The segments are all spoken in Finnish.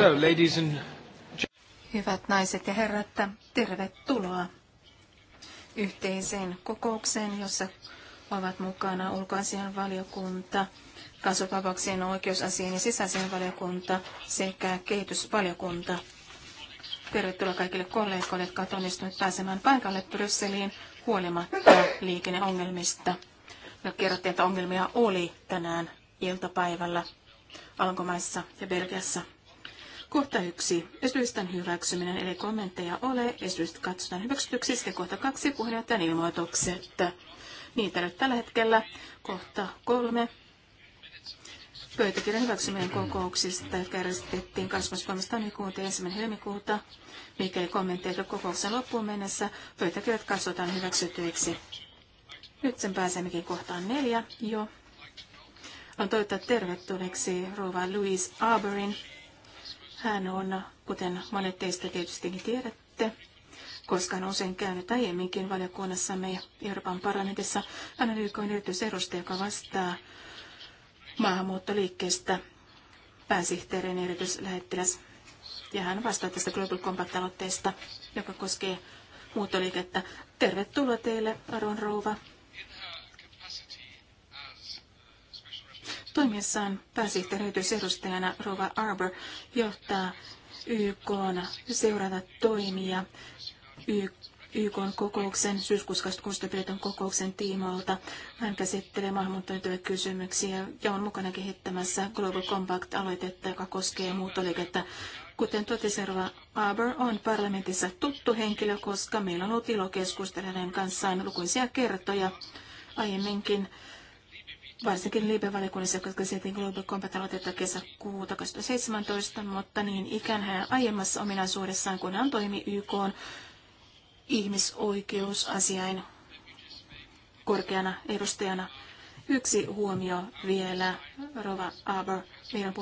So, ladies and... Hyvät naiset ja herrat, tervetuloa yhteiseen kokoukseen, jossa ovat mukana ulkoasian valiokunta, kasvupavauksien oikeusasian ja sisäisen valiokunta sekä kehitysvaliokunta. Tervetuloa kaikille kollegoille, jotka ovat onnistuneet pääsemään paikalle Brysseliin huolimatta liikenneongelmista. Me no, kerrottiin, että ongelmia oli tänään iltapäivällä Alankomaissa ja Belgiassa. Kohta yksi. Esitysten hyväksyminen, eli kommentteja ole. Esitys katsotaan hyväksytyksi. Sitten kohta kaksi. Puheenjohtajan ilmoitukset. Niitä nyt tällä hetkellä. Kohta kolme. Pöytäkirjan hyväksyminen kokouksista, jotka järjestettiin 23. tammikuuta ja 1. helmikuuta. Mikäli kommentteja kokouksen loppuun mennessä, pöytäkirjat katsotaan hyväksytyiksi. Nyt sen pääsemmekin kohtaan neljä jo. On toivottaa tervetulleeksi rouva Louise Arborin hän on, kuten monet teistä tietystikin tiedätte, koska hän on usein käynyt aiemminkin valiokunnassamme ja Euroopan parlamentissa, hän on YK erityisedustaja, joka vastaa maahanmuuttoliikkeestä pääsihteerin erityislähettiläs. Ja hän vastaa tästä Global Compact-aloitteesta, joka koskee muuttoliikettä. Tervetuloa teille, Aron Rouva. Toimiessaan pääsihteeriytysedustajana Rova Arbor johtaa YK seurata toimia YK kokouksen, syyskuussa pidetyn kokouksen tiimoilta. Hän käsittelee maahanmuuttajien kysymyksiä ja on mukana kehittämässä Global Compact-aloitetta, joka koskee muuttoliikettä. Kuten totesi Rova Arbor on parlamentissa tuttu henkilö, koska meillä on ollut ilo keskustella hänen kanssaan lukuisia kertoja aiemminkin varsinkin liipevalikunnissa, jotka käsiteltiin Global Compact aloitetta kesäkuuta 2017, mutta niin ikään hän aiemmassa ominaisuudessaan, kun hän toimi YK ihmisoikeusasiain korkeana edustajana. Yksi huomio vielä, Rova Aber, meidän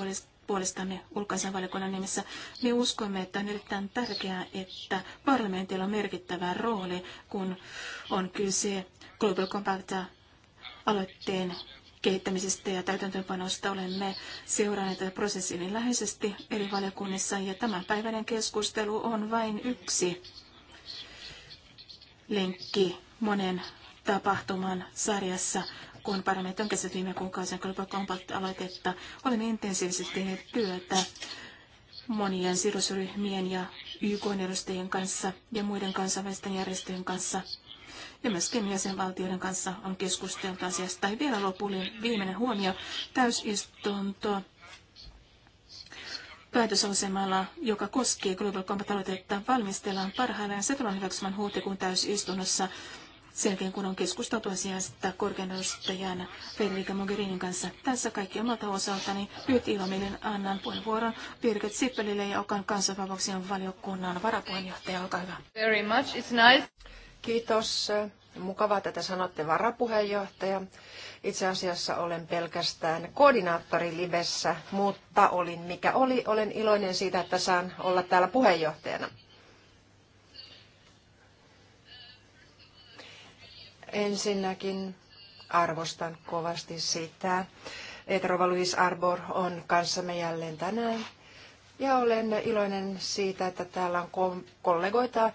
puolestamme ulkoisen nimissä. Me uskomme, että on erittäin tärkeää, että parlamentilla on merkittävä rooli, kun on kyse Global Compact aloitteen kehittämisestä ja täytäntöönpanosta olemme seuranneet prosessin läheisesti eri valiokunnissa ja tämänpäiväinen keskustelu on vain yksi linkki monen tapahtuman sarjassa, kun parlamentti on käsitellyt viime kuukausien aloitetta. Olemme intensiivisesti tehneet työtä monien sidosryhmien ja YK-edustajien kanssa ja muiden kansainvälisten järjestöjen kanssa ja myöskin jäsenvaltioiden kanssa on keskusteltu asiasta. Ja vielä lopullinen viimeinen huomio, täysistunto päätösasemalla, joka koskee Global Compact-aloitetta, valmistellaan parhaillaan. Se tullaan hyväksymään huhtikuun täysistunnossa sen jälkeen, kun on keskusteltu asiasta korkean edustajan Federica Mogherinin kanssa. Tässä kaikki omalta osaltani. Nyt ilomielen annan puheenvuoron Birgit Sippelille ja Okan kansanvapauksien valiokunnan varapuheenjohtaja. Olkaa hyvä. Very much. It's nice. Kiitos. Mukavaa tätä sanotte varapuheenjohtaja. Itse asiassa olen pelkästään koordinaattori Libessä, mutta olin mikä oli. Olen iloinen siitä, että saan olla täällä puheenjohtajana. Ensinnäkin arvostan kovasti sitä, että Rova Luis Arbor on kanssamme jälleen tänään. Ja olen iloinen siitä, että täällä on kollegoita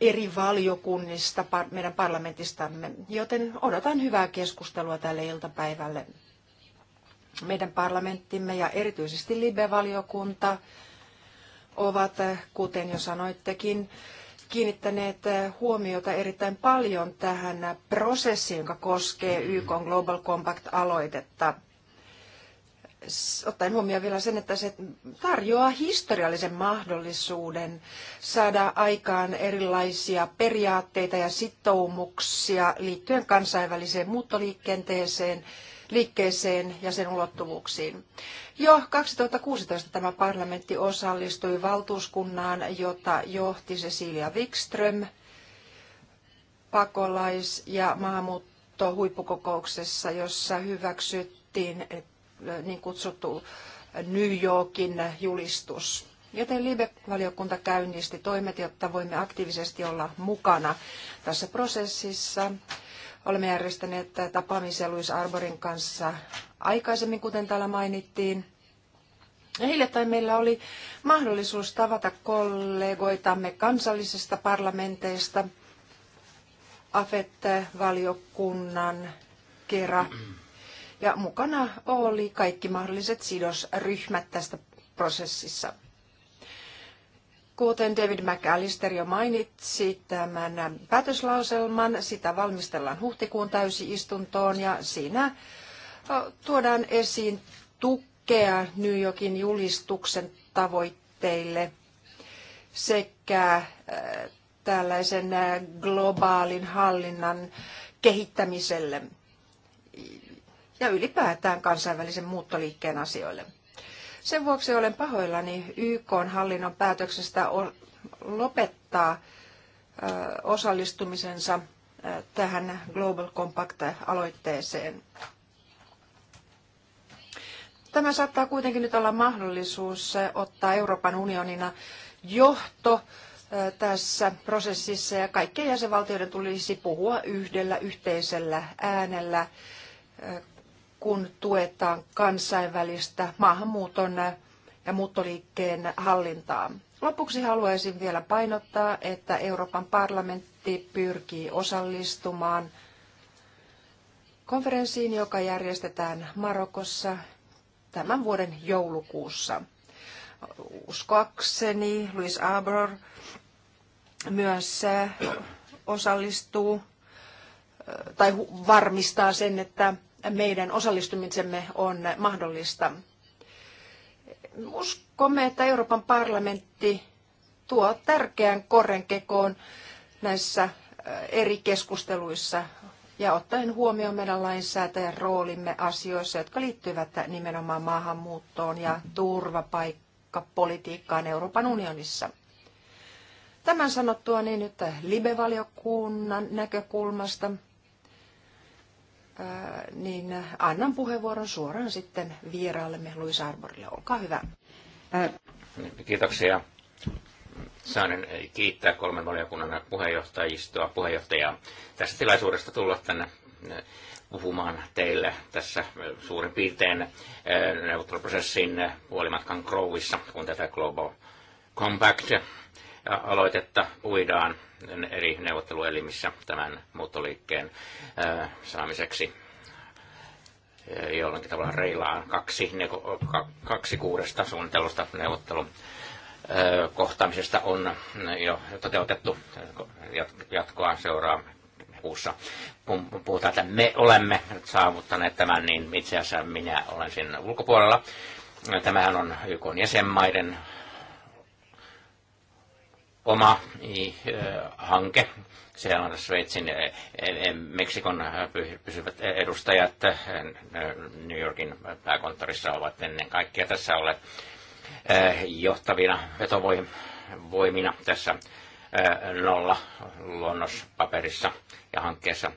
eri valiokunnista meidän parlamentistamme, joten odotan hyvää keskustelua tälle iltapäivälle. Meidän parlamenttimme ja erityisesti Libe-valiokunta ovat, äh, kuten jo sanoittekin, kiinnittäneet äh, huomiota erittäin paljon tähän prosessiin, joka koskee YK Global Compact-aloitetta ottaen huomioon vielä sen, että se tarjoaa historiallisen mahdollisuuden saada aikaan erilaisia periaatteita ja sitoumuksia liittyen kansainväliseen muuttoliikenteeseen, liikkeeseen ja sen ulottuvuuksiin. Jo 2016 tämä parlamentti osallistui valtuuskunnaan, jota johti Cecilia Wikström pakolais- ja maahanmuuttohuippukokouksessa, jossa hyväksyttiin niin kutsuttu New Yorkin julistus. Joten Libe-valiokunta käynnisti toimet, jotta voimme aktiivisesti olla mukana tässä prosessissa. Olemme järjestäneet tapaamisia Louis Arborin kanssa aikaisemmin, kuten täällä mainittiin. Ja hiljattain meillä oli mahdollisuus tavata kollegoitamme kansallisista parlamenteista AFET-valiokunnan kera ja mukana oli kaikki mahdolliset sidosryhmät tästä prosessissa. Kuten David McAllister jo mainitsi, tämän päätöslauselman sitä valmistellaan huhtikuun täysiistuntoon ja siinä tuodaan esiin tukea New Yorkin julistuksen tavoitteille sekä tällaisen globaalin hallinnan kehittämiselle ja ylipäätään kansainvälisen muuttoliikkeen asioille. Sen vuoksi olen pahoillani YK-hallinnon päätöksestä lopettaa osallistumisensa tähän Global Compact-aloitteeseen. Tämä saattaa kuitenkin nyt olla mahdollisuus ottaa Euroopan unionina johto tässä prosessissa ja kaikkien jäsenvaltioiden tulisi puhua yhdellä yhteisellä äänellä kun tuetaan kansainvälistä maahanmuuton ja muuttoliikkeen hallintaa. Lopuksi haluaisin vielä painottaa, että Euroopan parlamentti pyrkii osallistumaan konferenssiin, joka järjestetään Marokossa tämän vuoden joulukuussa. Uskoakseni Louis Arbor myös osallistuu tai varmistaa sen, että meidän osallistumisemme on mahdollista. Uskomme, että Euroopan parlamentti tuo tärkeän kekoon näissä eri keskusteluissa ja ottaen huomioon meidän lainsäätäjän roolimme asioissa, jotka liittyvät nimenomaan maahanmuuttoon ja turvapaikkapolitiikkaan Euroopan unionissa. Tämän sanottua niin nyt Libe-valiokunnan näkökulmasta – niin annan puheenvuoron suoraan sitten vieraallemme Louis Arborille. Olkaa hyvä. Kiitoksia. Saan kiittää kolmen valiokunnan puheenjohtajistoa, puheenjohtajaa tästä tilaisuudesta tulla tänne puhumaan teille tässä suurin piirtein neuvotteluprosessin puolimatkan Crowissa, kun tätä Global Compact aloitetta uidaan eri neuvotteluelimissä tämän muuttoliikkeen saamiseksi jollakin tavalla reilaan kaksi, kaksi kuudesta suunnitellusta neuvottelun kohtaamisesta on jo toteutettu jatkoa seuraa kuussa. Kun puhutaan, että me olemme saavuttaneet tämän, niin itse asiassa minä olen siinä ulkopuolella. Tämähän on YK jäsenmaiden oma hanke. Siellä on Sveitsin, e, e, e, Meksikon pysyvät edustajat New Yorkin pääkonttorissa ovat ennen kaikkea tässä olleet johtavina vetovoimina tässä nolla luonnospaperissa ja hankkeessa.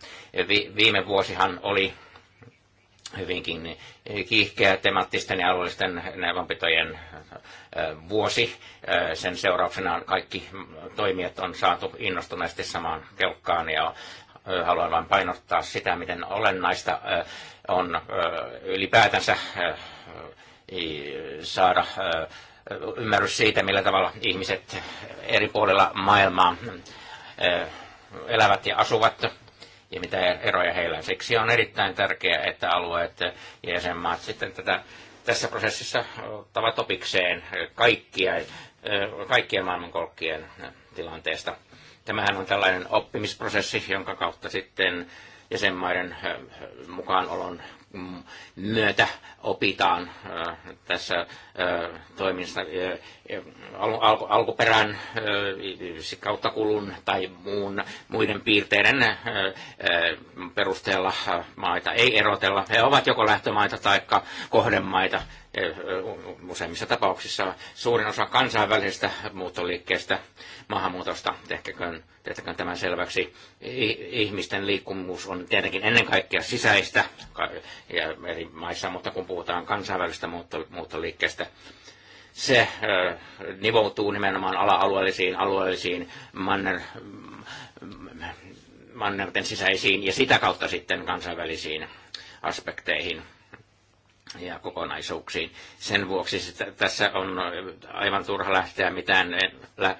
Viime vuosihan oli hyvinkin kiihkeä temaattisten ja alueellisten neuvonpitojen vuosi. Sen seurauksena kaikki toimijat on saatu innostuneesti samaan kelkkaan ja haluan vain painottaa sitä, miten olennaista on ylipäätänsä saada ymmärrys siitä, millä tavalla ihmiset eri puolilla maailmaa elävät ja asuvat ja mitä eroja heillä on. Siksi on erittäin tärkeää, että alueet ja jäsenmaat sitten tätä, tässä prosessissa ottavat opikseen kaikkia, kaikkien maailmankolkkien tilanteesta. Tämähän on tällainen oppimisprosessi, jonka kautta sitten jäsenmaiden mukaanolon myötä opitaan tässä toiminnassa alkuperän kautta kulun tai muun, muiden piirteiden perusteella maita ei erotella. He ovat joko lähtömaita tai kohdemaita. Useimmissa tapauksissa suurin osa kansainvälisestä muuttoliikkeestä, maahanmuutosta, tehtäköön, tehtäköön tämän selväksi. Ihmisten liikkumus on tietenkin ennen kaikkea sisäistä ja eri maissa, mutta kun puhutaan kansainvälisestä muuttoliikkeestä, se äh, nivoutuu nimenomaan ala-alueellisiin, alueellisiin manner, mm, mannerten sisäisiin ja sitä kautta sitten kansainvälisiin aspekteihin ja kokonaisuuksiin. Sen vuoksi tässä on aivan turha lähteä mitään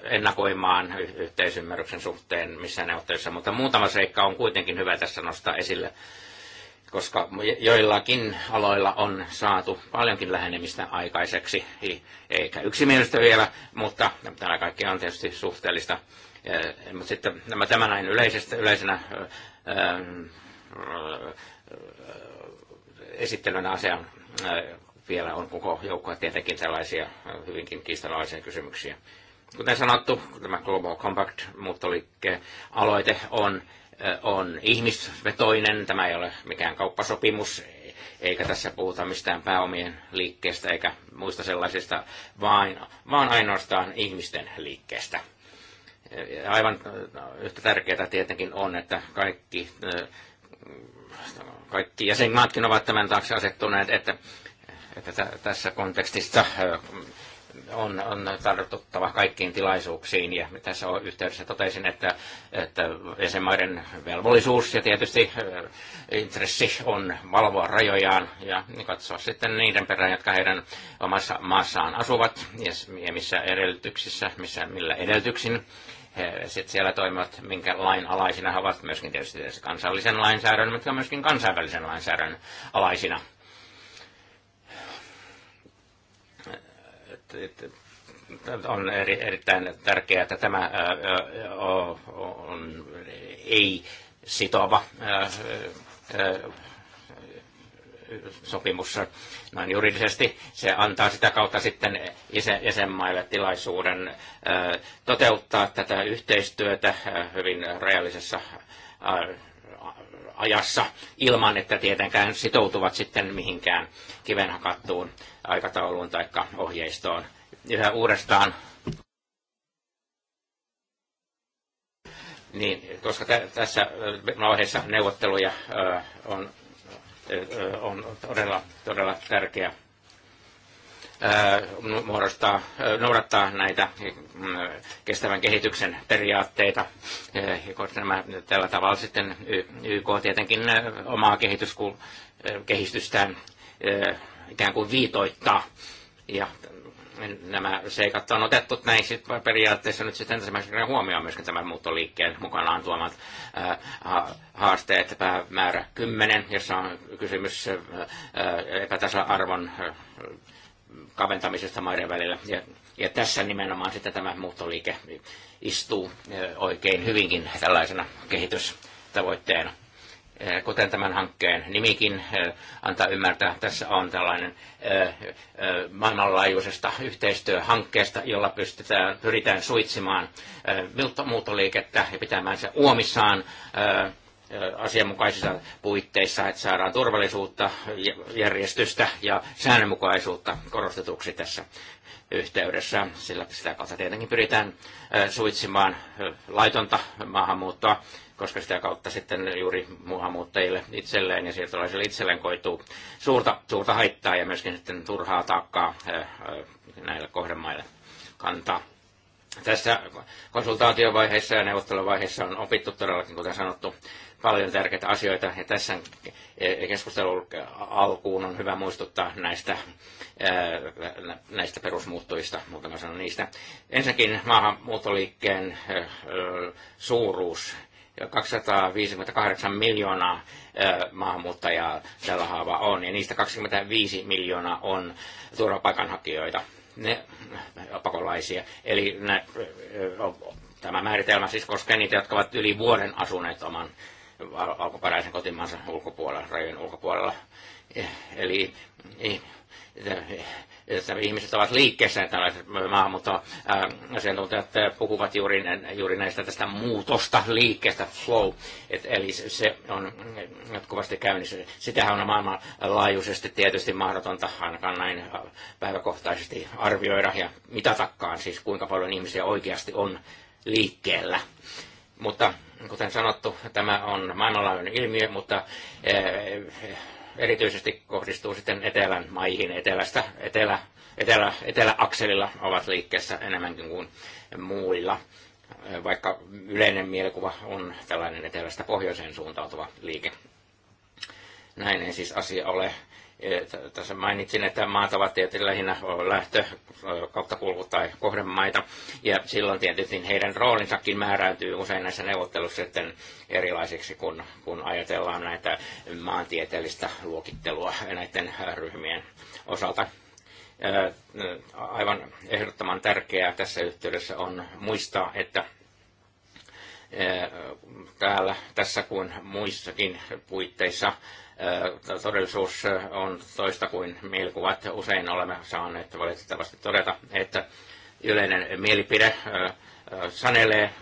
ennakoimaan yhteisymmärryksen suhteen missään neuvottelussa, mutta muutama seikka on kuitenkin hyvä tässä nostaa esille koska joillakin aloilla on saatu paljonkin lähenemistä aikaiseksi, eikä yksimielistä vielä, mutta tämä kaikki on tietysti suhteellista. Mutta sitten nämä tämä näin yleisestä, yleisenä esittelynä asian vielä on koko joukkoa tietenkin tällaisia hyvinkin kiistanalaisia kysymyksiä. Kuten sanottu, tämä Global Compact muuttoliikkeen aloite on on ihmisvetoinen, tämä ei ole mikään kauppasopimus, eikä tässä puhuta mistään pääomien liikkeestä eikä muista sellaisista, vaan, vaan ainoastaan ihmisten liikkeestä. Aivan yhtä tärkeää tietenkin on, että kaikki, kaikki jäsenmaatkin ovat tämän taakse asettuneet, että, että tässä kontekstissa on, on tartuttava kaikkiin tilaisuuksiin. Ja tässä yhteydessä totesin, että, että jäsenmaiden velvollisuus ja tietysti intressi on valvoa rajojaan ja katsoa sitten niiden perään, jotka heidän omassa maassaan asuvat ja missä edellytyksissä, missä, millä edellytyksin sitten siellä toimivat, minkä lain alaisina he ovat myöskin tietysti, tietysti kansallisen lainsäädännön, mutta myöskin kansainvälisen lainsäädännön alaisina. on erittäin tärkeää, että tämä on ei sitova sopimus noin juridisesti. Se antaa sitä kautta sitten jäsenmaille tilaisuuden toteuttaa tätä yhteistyötä hyvin rajallisessa ajassa ilman, että tietenkään sitoutuvat sitten mihinkään kiven hakattuun aikatauluun tai ohjeistoon. Yhä uudestaan Niin, koska tä- tässä äh, vaiheessa neuvotteluja ö, äh, on, ö, äh, on todella, todella tärkeä muodostaa, noudattaa näitä mm, kestävän kehityksen periaatteita. Nämä tällä tavalla sitten YK tietenkin omaa kehitystään ikään kuin viitoittaa. Ja nämä seikat on otettu näin periaatteessa nyt sitten ensimmäisenä huomioon myöskin tämän muuttoliikkeen mukanaan tuomat haasteet, päämäärä 10, jossa on kysymys epätasa-arvon kaventamisesta maiden välillä. Ja, ja tässä nimenomaan sitten tämä muuttoliike istuu oikein hyvinkin tällaisena kehitystavoitteena. Kuten tämän hankkeen nimikin antaa ymmärtää, tässä on tällainen maailmanlaajuisesta yhteistyöhankkeesta, jolla pystytään, pyritään suitsimaan muuttoliikettä ja pitämään se uomissaan asianmukaisissa puitteissa, että saadaan turvallisuutta, järjestystä ja säännönmukaisuutta korostetuksi tässä yhteydessä, sillä sitä kautta tietenkin pyritään suitsimaan laitonta maahanmuuttoa, koska sitä kautta sitten juuri maahanmuuttajille itselleen ja siirtolaisille itselleen koituu suurta, suurta haittaa ja myöskin sitten turhaa taakkaa näille kohdemaille kantaa tässä konsultaatiovaiheessa ja neuvotteluvaiheessa on opittu todellakin, kuten sanottu, paljon tärkeitä asioita. Ja tässä keskustelun alkuun on hyvä muistuttaa näistä, näistä perusmuuttujista, muutama sanon niistä. Ensinnäkin maahanmuuttoliikkeen suuruus. 258 miljoonaa maahanmuuttajaa tällä haava on, ja niistä 25 miljoonaa on turvapaikanhakijoita ne pakolaisia. Eli nä, tämä määritelmä siis koskee niitä, jotka ovat yli vuoden asuneet oman alkuperäisen kotimaansa ulkopuolella, rajojen ulkopuolella eli eh, että ihmiset ovat liikkeessä, tällaiset maahanmuuttoasiantuntijat äh, äh, puhuvat juuri, juuri näistä tästä muutosta liikkeestä, flow, Et, eli se on jatkuvasti käynnissä. Sitähän on maailmanlaajuisesti tietysti mahdotonta ainakaan näin päiväkohtaisesti arvioida ja mitatakaan siis kuinka paljon ihmisiä oikeasti on liikkeellä. Mutta kuten sanottu, tämä on maailmanlaajuinen ilmiö, mutta eh, erityisesti kohdistuu sitten etelän maihin. Etelästä, etelä, etelä, eteläakselilla ovat liikkeessä enemmänkin kuin muilla, vaikka yleinen mielikuva on tällainen etelästä pohjoiseen suuntautuva liike. Näin ei siis asia ole. Eh, tässä mainitsin, että maat ovat tietysti lähinnä lähtö kautta kulku- tai kohdemaita, ja silloin tietysti heidän roolinsakin määräytyy usein näissä neuvotteluissa sitten erilaisiksi, kun, kun ajatellaan näitä maantieteellistä luokittelua näiden ryhmien osalta. Aivan ehdottoman tärkeää tässä yhteydessä on muistaa, että täällä tässä kuin muissakin puitteissa todellisuus on toista kuin mielikuvat. Usein olemme saaneet valitettavasti todeta, että yleinen mielipide sanelee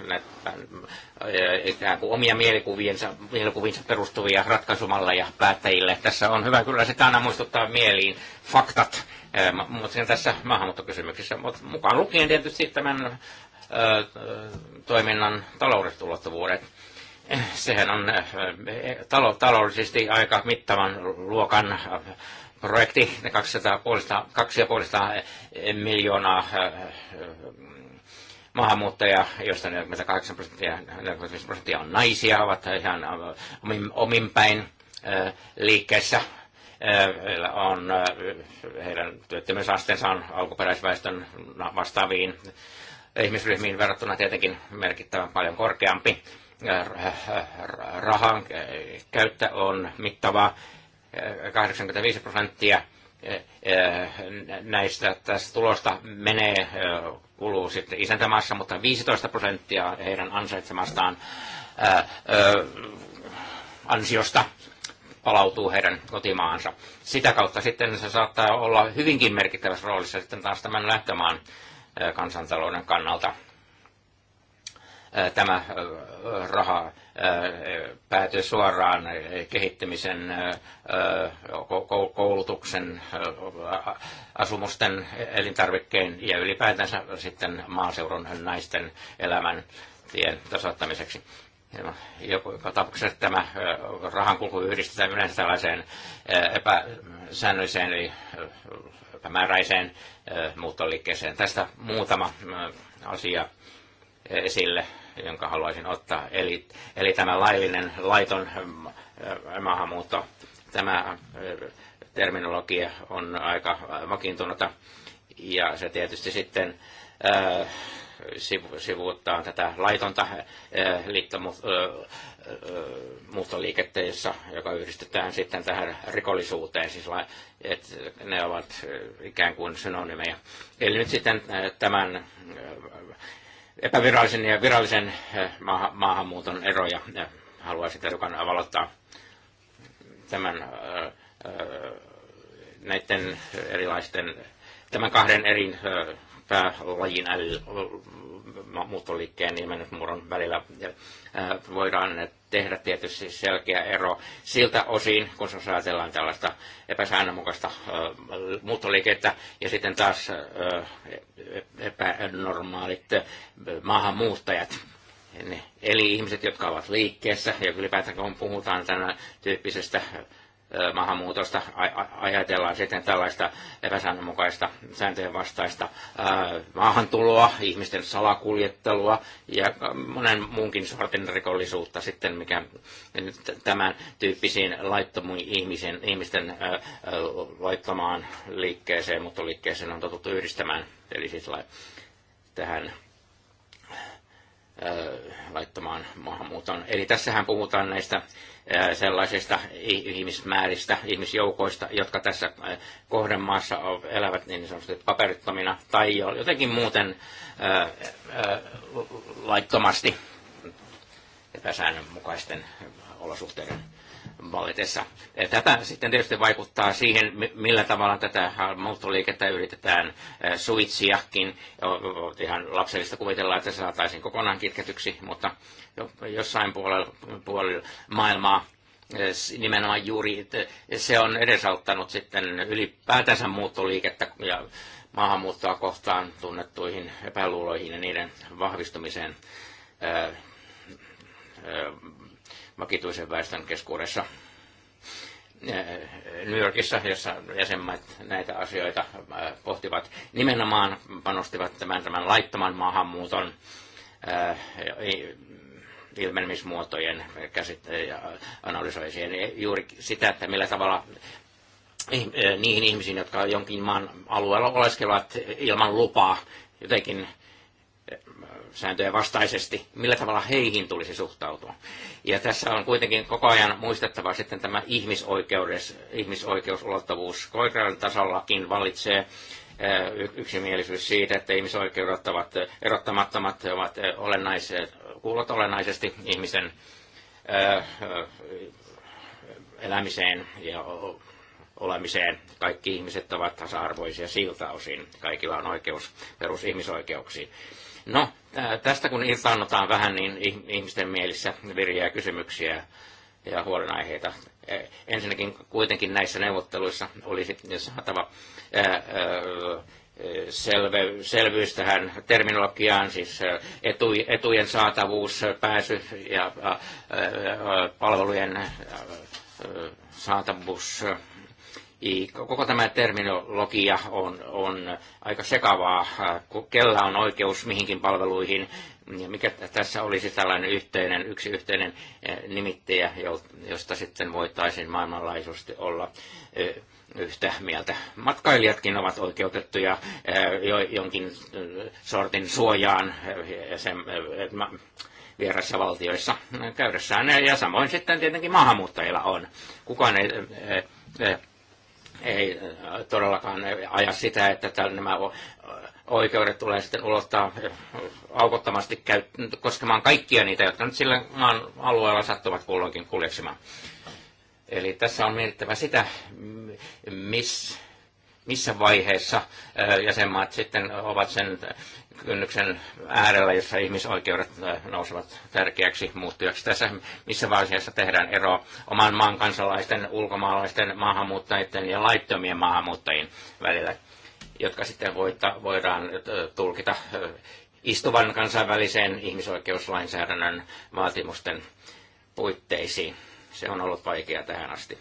ikään kuin omia mielikuviensa, mielikuviensa perustuvia ratkaisumalleja päättäjille. Tässä on hyvä kyllä se aina muistuttaa mieliin faktat, mutta tässä maahanmuuttokysymyksessä, mutta mukaan lukien tietysti tämän toiminnan taloudelliset ulottuvuudet sehän on äh, taloudellisesti aika mittavan luokan äh, projekti, 2,5 äh, miljoonaa maahanmuuttajia, joista 48 prosenttia, 45 prosenttia on naisia, ovat ihan omin, omin päin liikkeessä. Heillä on, heidän työttömyysasteensa on alkuperäisväestön vastaaviin ihmisryhmiin verrattuna tietenkin merkittävän paljon korkeampi Äh, rahan äh, käyttö on mittava 85 äh, prosenttia näistä tästä tulosta menee, kuluu sitten isäntämaassa, mutta 15 prosenttia heidän ansaitsemastaan ansiosta palautuu heidän kotimaansa. Sitä kautta sitten se saattaa olla hyvinkin merkittävässä roolissa sitten taas tämän lähtömaan kansantalouden kannalta tämä raha päätyy suoraan kehittämisen, koulutuksen, asumusten, elintarvikkeen ja ylipäätänsä sitten maaseudun naisten elämän tien tasoittamiseksi. Joka tapauksessa tämä rahankulku yhdistetään yleensä tällaiseen epäsäännölliseen eli epämääräiseen muuttoliikkeeseen. Tästä muutama asia esille jonka haluaisin ottaa. Eli, eli tämä laillinen, laiton ähm, äh, maahanmuutto, tämä äh, terminologia on aika äh, vakiintunuta. Ja se tietysti sitten sivuuttaa tätä laitonta liittomuuttoliikettä, jossa, joka yhdistetään sitten tähän rikollisuuteen, siis että ne ovat ikään kuin synonymeja. Eli nyt sitten tämän epävirallisen ja virallisen eh, maaha, maahanmuuton eroja. Haluaisin tätä hiukan valottaa tämän, eh, eh, näiden erilaisten, tämän kahden eri päälajin muuttoliikkeen ja mennytmuuron välillä voidaan tehdä tietysti selkeä ero siltä osin, kun se ajatellaan tällaista epäsäännönmukaista muuttoliikettä ja sitten taas epänormaalit maahanmuuttajat, eli ihmiset, jotka ovat liikkeessä, ja ylipäätään kun puhutaan tämän tyyppisestä maahanmuutosta ajatellaan sitten tällaista epäsäännönmukaista sääntöjen vastaista maahantuloa, ihmisten salakuljettelua ja monen muunkin sortin rikollisuutta sitten, mikä tämän tyyppisiin laittomuihin ihmisen, ihmisten laittamaan liikkeeseen, mutta liikkeeseen on totuttu yhdistämään, eli siis tähän laittamaan maahanmuuton. Eli tässähän puhutaan näistä sellaisista ihmismääristä, ihmisjoukoista, jotka tässä kohdemaassa elävät niin sanotusti paperittomina tai jotenkin muuten laittomasti epäsäännönmukaisten olosuhteiden valitessa. Tätä sitten tietysti vaikuttaa siihen, millä tavalla tätä muuttoliikettä yritetään suitsiakin. Ihan lapsellista kuvitellaan, että se saataisiin kokonaan kitketyksi, mutta jossain puolella, puolella maailmaa nimenomaan juuri se on edesauttanut sitten ylipäätänsä muuttoliikettä ja maahanmuuttoa kohtaan tunnettuihin epäluuloihin ja niiden vahvistumiseen vakituisen väestön keskuudessa. Eh, New Yorkissa, jossa jäsenmaat näitä asioita eh, pohtivat, nimenomaan panostivat tämän, tämän laittoman maahanmuuton eh, ilmenemismuotojen käsitteen ja analysoisiin juuri sitä, että millä tavalla niihin ihmisiin, jotka jonkin maan alueella oleskelevat ilman lupaa, jotenkin sääntöjen vastaisesti, millä tavalla heihin tulisi suhtautua. Ja tässä on kuitenkin koko ajan muistettava sitten tämä ihmisoikeus, ihmisoikeusulottuvuus. Koikeuden tasollakin vallitsee eh, yksimielisyys siitä, että ihmisoikeudet ovat eh, erottamattomat, ovat eh, olennaiset, kuulot olennaisesti ihmisen elämiseen ja olemiseen. Kaikki ihmiset ovat tasa-arvoisia siltä osin. Kaikilla on oikeus perusihmisoikeuksiin. No, tästä kun irtaannutaan vähän, niin ihmisten mielissä viriää kysymyksiä ja huolenaiheita. Ensinnäkin kuitenkin näissä neuvotteluissa olisi saatava selve, selvyys tähän terminologiaan, siis etujen saatavuus, pääsy ja palvelujen saatavuus Koko tämä terminologia on, on aika sekavaa, äh, kellä on oikeus mihinkin palveluihin, ja mikä tässä olisi tällainen yhteinen, yksi yhteinen äh, nimittäjä, josta sitten voitaisiin maailmanlaajuisesti olla äh, yhtä mieltä. Matkailijatkin ovat oikeutettuja jonkin sortin suojaan sen, valtioissa käydessään, ja samoin sitten tietenkin maahanmuuttajilla on. Kukaan ei, ei ei äh, todellakaan aja sitä, että nämä oikeudet tulee sitten ulottaa äh, aukottomasti koskemaan kaikkia niitä, jotka nyt sillä maan alueella sattuvat kulloinkin kuljeksimaan. Eli tässä on mietittävä sitä, miss, missä vaiheessa äh, jäsenmaat sitten ovat sen kynnyksen äärellä, jossa ihmisoikeudet äh, nousevat tärkeäksi muuttujaksi. Tässä missä vaiheessa tehdään ero oman maan kansalaisten, ulkomaalaisten maahanmuuttajien ja laittomien maahanmuuttajien välillä, jotka sitten voidaan äh, tulkita äh, istuvan kansainväliseen ihmisoikeuslainsäädännön vaatimusten puitteisiin. Se on ollut vaikeaa tähän asti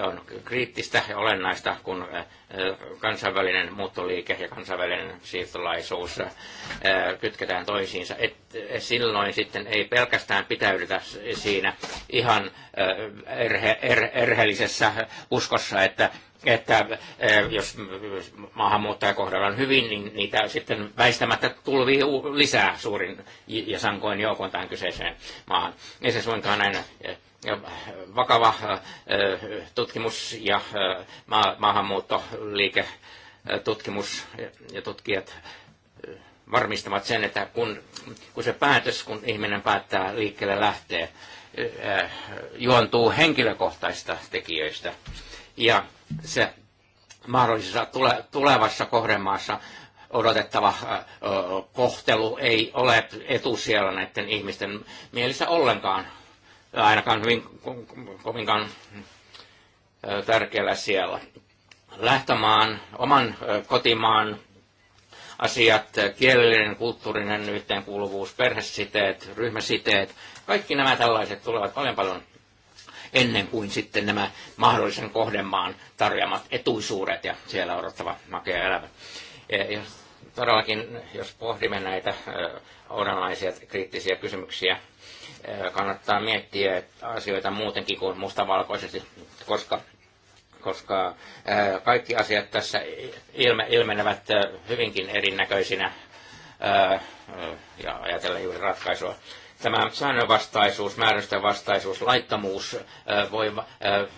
on kriittistä ja olennaista, kun kansainvälinen muuttoliike ja kansainvälinen siirtolaisuus kytketään toisiinsa. Et e, silloin sitten ei pelkästään pitäydytä siinä ihan erhe, er, erheellisessä uskossa, että että jos maahanmuuttaja kohdellaan hyvin, niin niitä sitten väistämättä tulvii lisää suurin ja sankoin joukon tähän kyseiseen maahan. Ei se suinkaan näin vakava äh, tutkimus- ja äh, maahanmuuttoliike äh, tutkimus ja tutkijat varmistavat sen, että kun, kun se päätös, kun ihminen päättää liikkeelle lähtee, juontuu henkilökohtaista tekijöistä. Ja se mahdollisessa tule, tulevassa kohdemaassa odotettava kohtelu ei ole etusijalla näiden ihmisten mielessä ollenkaan ainakaan hyvin kovinkaan tärkeällä siellä. Lähtömaan, oman kotimaan asiat, kielellinen, kulttuurinen yhteenkuuluvuus, perhesiteet, ryhmäsiteet, kaikki nämä tällaiset tulevat paljon paljon ennen kuin sitten nämä mahdollisen kohdemaan tarjoamat etuisuudet ja siellä odottava makea elämä. Ja todellakin, jos pohdimme näitä oudonlaisia kriittisiä kysymyksiä, kannattaa miettiä asioita muutenkin kuin mustavalkoisesti, koska, koska kaikki asiat tässä ilme, ilmenevät hyvinkin erinäköisinä ja ajatella juuri ratkaisua. Tämä säännönvastaisuus, määrästön vastaisuus, laittomuus voi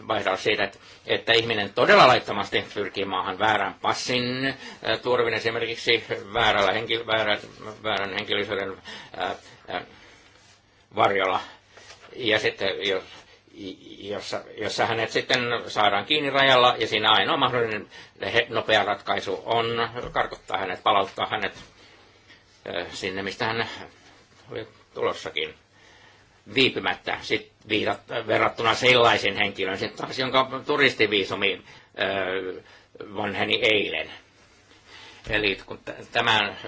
vaihdella siitä, että ihminen todella laittomasti pyrkii maahan väärän passin turvin esimerkiksi väärällä henkil- väärän, väärän henkilöisyyden varjolla. Ja sitten, jos, jossa, jossa hänet sitten saadaan kiinni rajalla, ja siinä ainoa mahdollinen nopea ratkaisu on karkottaa hänet, palauttaa hänet sinne, mistä hän oli tulossakin viipymättä sit viidat, verrattuna sellaisen henkilön, sit taas, jonka turistiviisumi öö, vanheni eilen. Eli kun tämän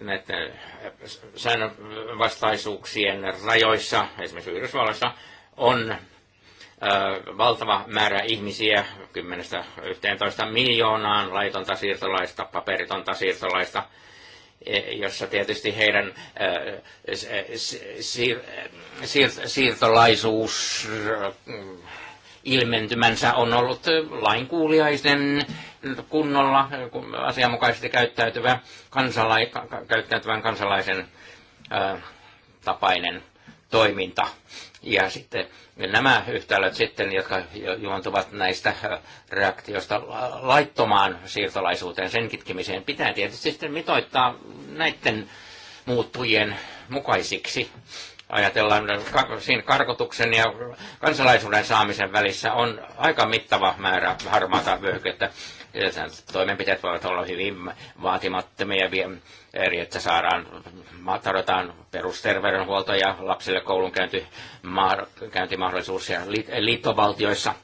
näiden äh, säännönvastaisuuksien rajoissa, esimerkiksi Yhdysvalloissa, on äh, valtava määrä ihmisiä, 10-11 miljoonaan laitonta siirtolaista, paperitonta siirtolaista, e, jossa tietysti heidän äh, siir siir siirtolaisuus ilmentymänsä on ollut lainkuuliaisen kunnolla, asianmukaisesti käyttäytyvä kansala- käyttäytyvän kansalaisen ää, tapainen toiminta. Ja sitten nämä yhtälöt sitten, jotka juontuvat näistä reaktiosta laittomaan siirtolaisuuteen, sen kitkemiseen, pitää tietysti sitten mitoittaa näiden muuttujien mukaisiksi ajatellaan siinä karkotuksen ja kansalaisuuden saamisen välissä on aika mittava määrä harmaata vyöhykettä. Toimenpiteet voivat olla hyvin vaatimattomia, eri, että saadaan, tarjotaan perusterveydenhuolto ja lapsille koulunkäyntimahdollisuus ja liittovaltioissa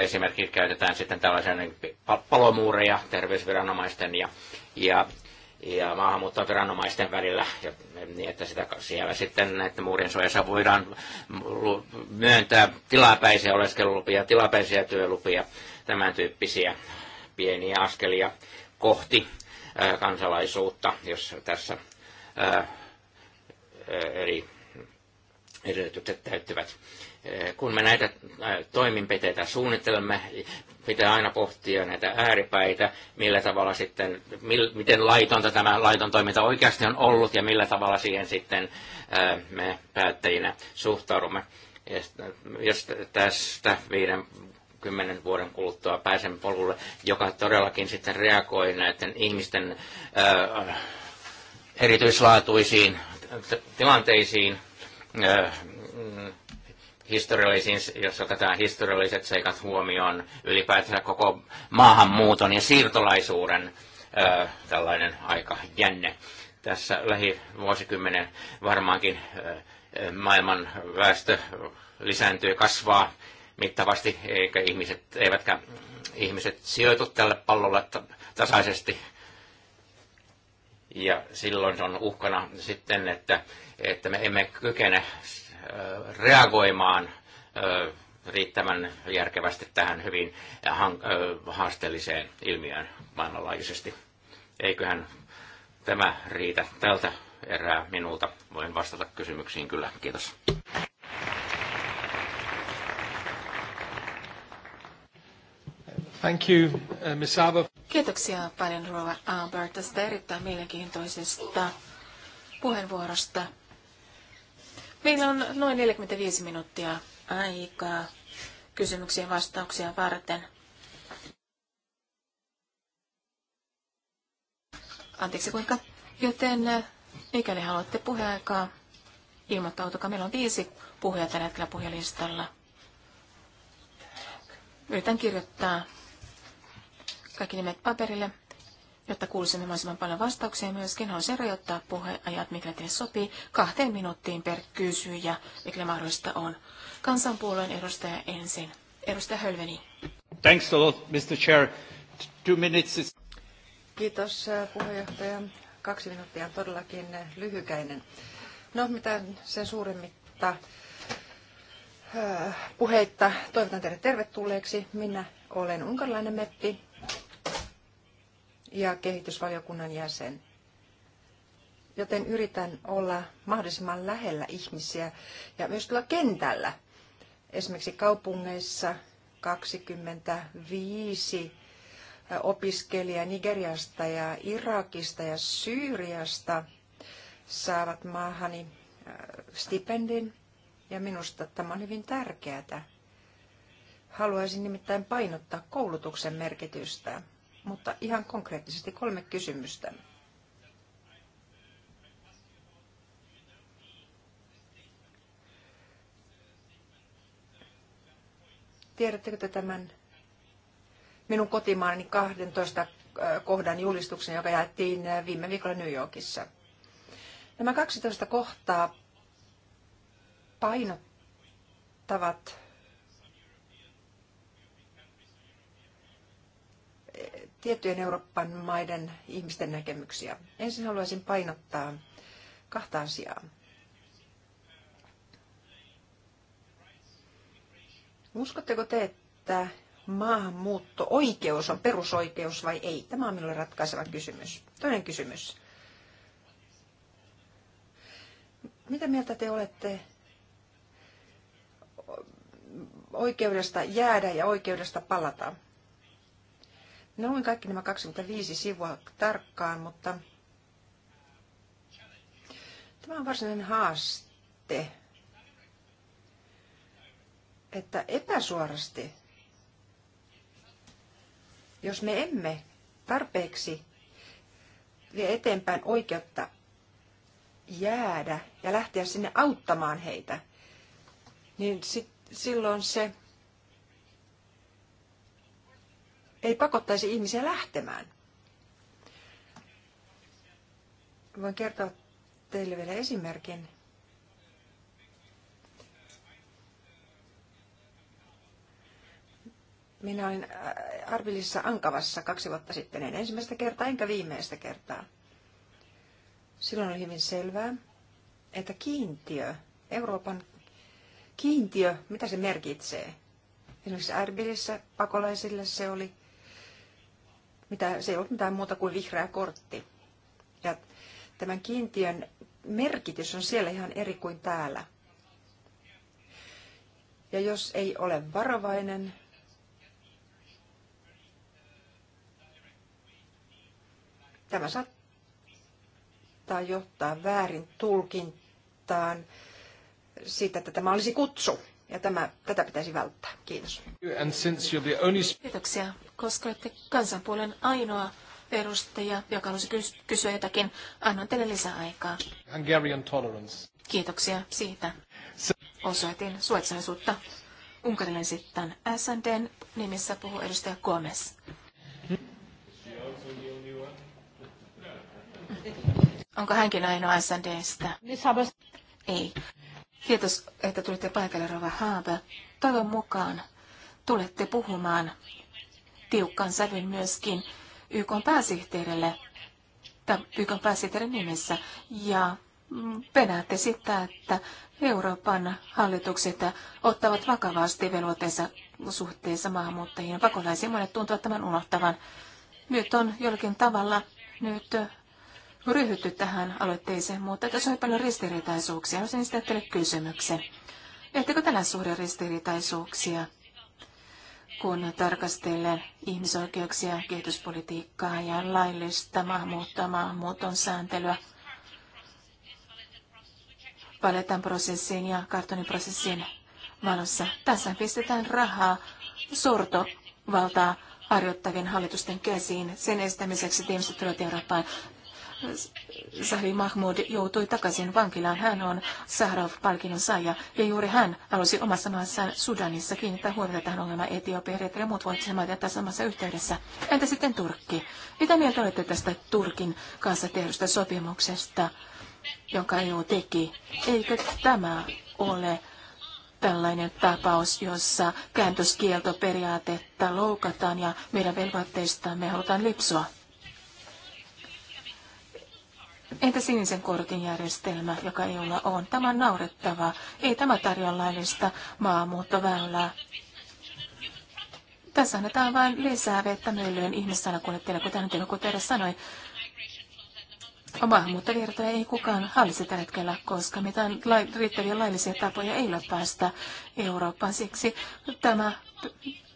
esimerkiksi käytetään sitten tällaisia palomuureja terveysviranomaisten ja, ja ja maahanmuuttoviranomaisten välillä, ja niin että sitä siellä sitten näiden muurien suojassa voidaan myöntää tilapäisiä oleskelulupia, tilapäisiä työlupia, tämän tyyppisiä pieniä askelia kohti kansalaisuutta, jos tässä eri edellytykset täyttyvät. Eh, kun me näitä toimenpiteitä suunnittelemme, pitää aina pohtia näitä ääripäitä, millä tavalla sitten, mil, miten laitonta tämä laiton toiminta oikeasti on ollut ja millä tavalla siihen sitten me päättäjinä suhtaudumme. Jos tästä viiden kymmenen vuoden kuluttua pääsen polulle, joka todellakin sitten reagoi näiden ihmisten erityislaatuisiin tilanteisiin, mm, historiallisiin, jos otetaan historialliset seikat huomioon, ylipäätänsä koko maahanmuuton ja siirtolaisuuden ö, tällainen aika jänne. Tässä lähivuosikymmenen varmaankin ö, maailman väestö lisääntyy, kasvaa mittavasti, eikä ihmiset, eivätkä ihmiset sijoitu tälle pallolle tasaisesti. Ja silloin on uhkana sitten, että, että me emme kykene reagoimaan riittävän järkevästi tähän hyvin haasteelliseen ilmiöön maailmanlaajuisesti. Eiköhän tämä riitä tältä erää minulta. Voin vastata kysymyksiin kyllä. Kiitos. Thank you, uh, Ms. Kiitoksia paljon Rova Albert tästä erittäin mielenkiintoisesta puheenvuorosta. Meillä on noin 45 minuuttia aikaa kysymyksiä ja vastauksia varten. Anteeksi kuinka, joten eh, mikäli haluatte puheaikaa, ilmoittautukaa. Meillä on viisi puhuja tällä hetkellä puhelistalla. Yritän kirjoittaa kaikki nimet paperille jotta kuulisimme mahdollisimman paljon vastauksia. Myöskin se rajoittaa puheajat, mikä teille sopii, kahteen minuuttiin per kysyjä, mikä mahdollista on. Kansanpuolueen edustaja ensin. Edustaja Hölveni. Thanks a lot, Mr. Chair. Two minutes is... Kiitos äh, puheenjohtaja. Kaksi minuuttia on todellakin äh, lyhykäinen. No, mitä sen suuremmitta äh, puheitta. Toivotan teidät tervetulleeksi. Minä olen unkarilainen meppi ja kehitysvaliokunnan jäsen. Joten yritän olla mahdollisimman lähellä ihmisiä ja myös tuolla kentällä. Esimerkiksi kaupungeissa 25 opiskelijaa Nigeriasta ja Irakista ja Syyriasta saavat maahani stipendin ja minusta tämä on hyvin tärkeää. Haluaisin nimittäin painottaa koulutuksen merkitystä. Mutta ihan konkreettisesti kolme kysymystä. Tiedättekö te tämän minun kotimaani 12 kohdan julistuksen, joka jaettiin viime viikolla New Yorkissa? Nämä 12 kohtaa painottavat tiettyjen Euroopan maiden ihmisten näkemyksiä. Ensin haluaisin painottaa kahta asiaa. Uskotteko te, että maahanmuutto-oikeus on perusoikeus vai ei? Tämä on minulle ratkaiseva kysymys. Toinen kysymys. Mitä mieltä te olette oikeudesta jäädä ja oikeudesta palata? Ne no, luin kaikki nämä 25 sivua tarkkaan, mutta tämä on varsinainen haaste, että epäsuorasti, jos me emme tarpeeksi vie eteenpäin oikeutta jäädä ja lähteä sinne auttamaan heitä, niin sit, silloin se ei pakottaisi ihmisiä lähtemään. Voin kertoa teille vielä esimerkin. Minä olin äh, Arbilissa Ankavassa kaksi vuotta sitten, en ensimmäistä kertaa enkä viimeistä kertaa. Silloin oli hyvin selvää, että kiintiö, Euroopan kiintiö, mitä se merkitsee? Esimerkiksi Arbilissa pakolaisille se oli mitä, se ei ollut mitään muuta kuin vihreä kortti. Ja tämän kiintiön merkitys on siellä ihan eri kuin täällä. Ja jos ei ole varovainen, tämä saattaa johtaa väärin tulkintaan siitä, että tämä olisi kutsu. Ja tämä, tätä pitäisi välttää. Kiitos. Kiitoksia koska olette kansanpuolen ainoa perustaja, joka halusi kysyä jotakin. Annan teille lisää aikaa. Hungarian tolerance. Kiitoksia siitä. Osoitin suotsaisuutta. Unkarilainen sitten SNDn nimissä puhuu edustaja Gomez. Onko hänkin ainoa SNDstä? Ei. Kiitos, että tulitte paikalle, Rova Haabe. Toivon mukaan tulette puhumaan tiukkan sävyn myöskin YK pääsihteerille, tai YK pääsihteerin nimessä, ja mm, penäätte sitä, että Euroopan hallitukset ottavat vakavasti velvoitteensa suhteessa maahanmuuttajiin pakolaisiin. Monet tuntuvat tämän unohtavan. Nyt on jollakin tavalla nyt ryhdytty tähän aloitteeseen, mutta tässä on paljon ristiriitaisuuksia. Olisin sitten teille kysymyksen. Ehtikö tänään suuria ristiriitaisuuksia? kun tarkastelee ihmisoikeuksia, kehityspolitiikkaa ja laillista maahanmuuttoa, maahanmuuton sääntelyä. Paletan prosessin ja kartoniprosessin valossa. Tässä pistetään rahaa sortovaltaa harjoittavien hallitusten käsiin sen estämiseksi, että ihmiset tulevat Eurooppaan. Zahri Mahmud joutui takaisin vankilaan. Hän on Saharov-palkinnon saaja ja juuri hän halusi omassa maassaan Sudanissa kiinnittää huomiota tähän ongelmaan Etiopia, Eritrea ja muut voivat samaa mainita samassa yhteydessä. Entä sitten Turkki? Mitä mieltä olette tästä Turkin kanssa tehdystä sopimuksesta, jonka EU teki? Eikö tämä ole tällainen tapaus, jossa kääntöskieltoperiaatetta loukataan ja meidän velvoitteistamme halutaan lipsua? Entä sinisen kortin järjestelmä, joka EUlla on? Tämä on naurettavaa. Ei tämä tarjoa laillista maahanmuuttoväylää. Tässä annetaan vain lisää vettä myllyyn ihmissalakuljettajille, kuten nyt joku teille sanoi. Maahanmuuttovirtoja ei kukaan hallitse tällä hetkellä, koska mitään lai- riittäviä laillisia tapoja ei ole päästä Eurooppaan. Siksi tämä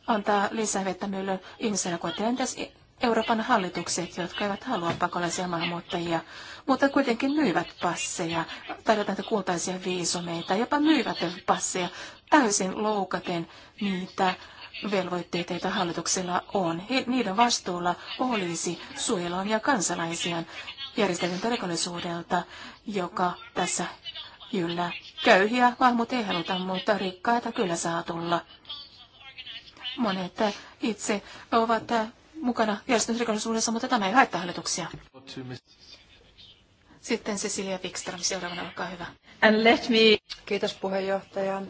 antaa lisää vettä myllyyn ihmissalakuljettajille. entäs Euroopan hallitukset, jotka eivät halua pakolaisia maahanmuuttajia, mutta kuitenkin myyvät passeja, tarjotaan kultaisia viisumeita, jopa myyvät passeja täysin loukaten niitä velvoitteita, joita hallituksella on. He, niiden vastuulla olisi suojella omia kansalaisiaan järjestelmän rikollisuudelta, joka tässä kyllä Köyhiä mahmut ei haluta, mutta rikkaita kyllä saa tulla. Monet itse ovat mukana rikollisuudessa, mutta tämä ei haittaa hallituksia. Sitten Cecilia Wikström, seuraavana olkaa hyvä. And let me... Kiitos puheenjohtaja.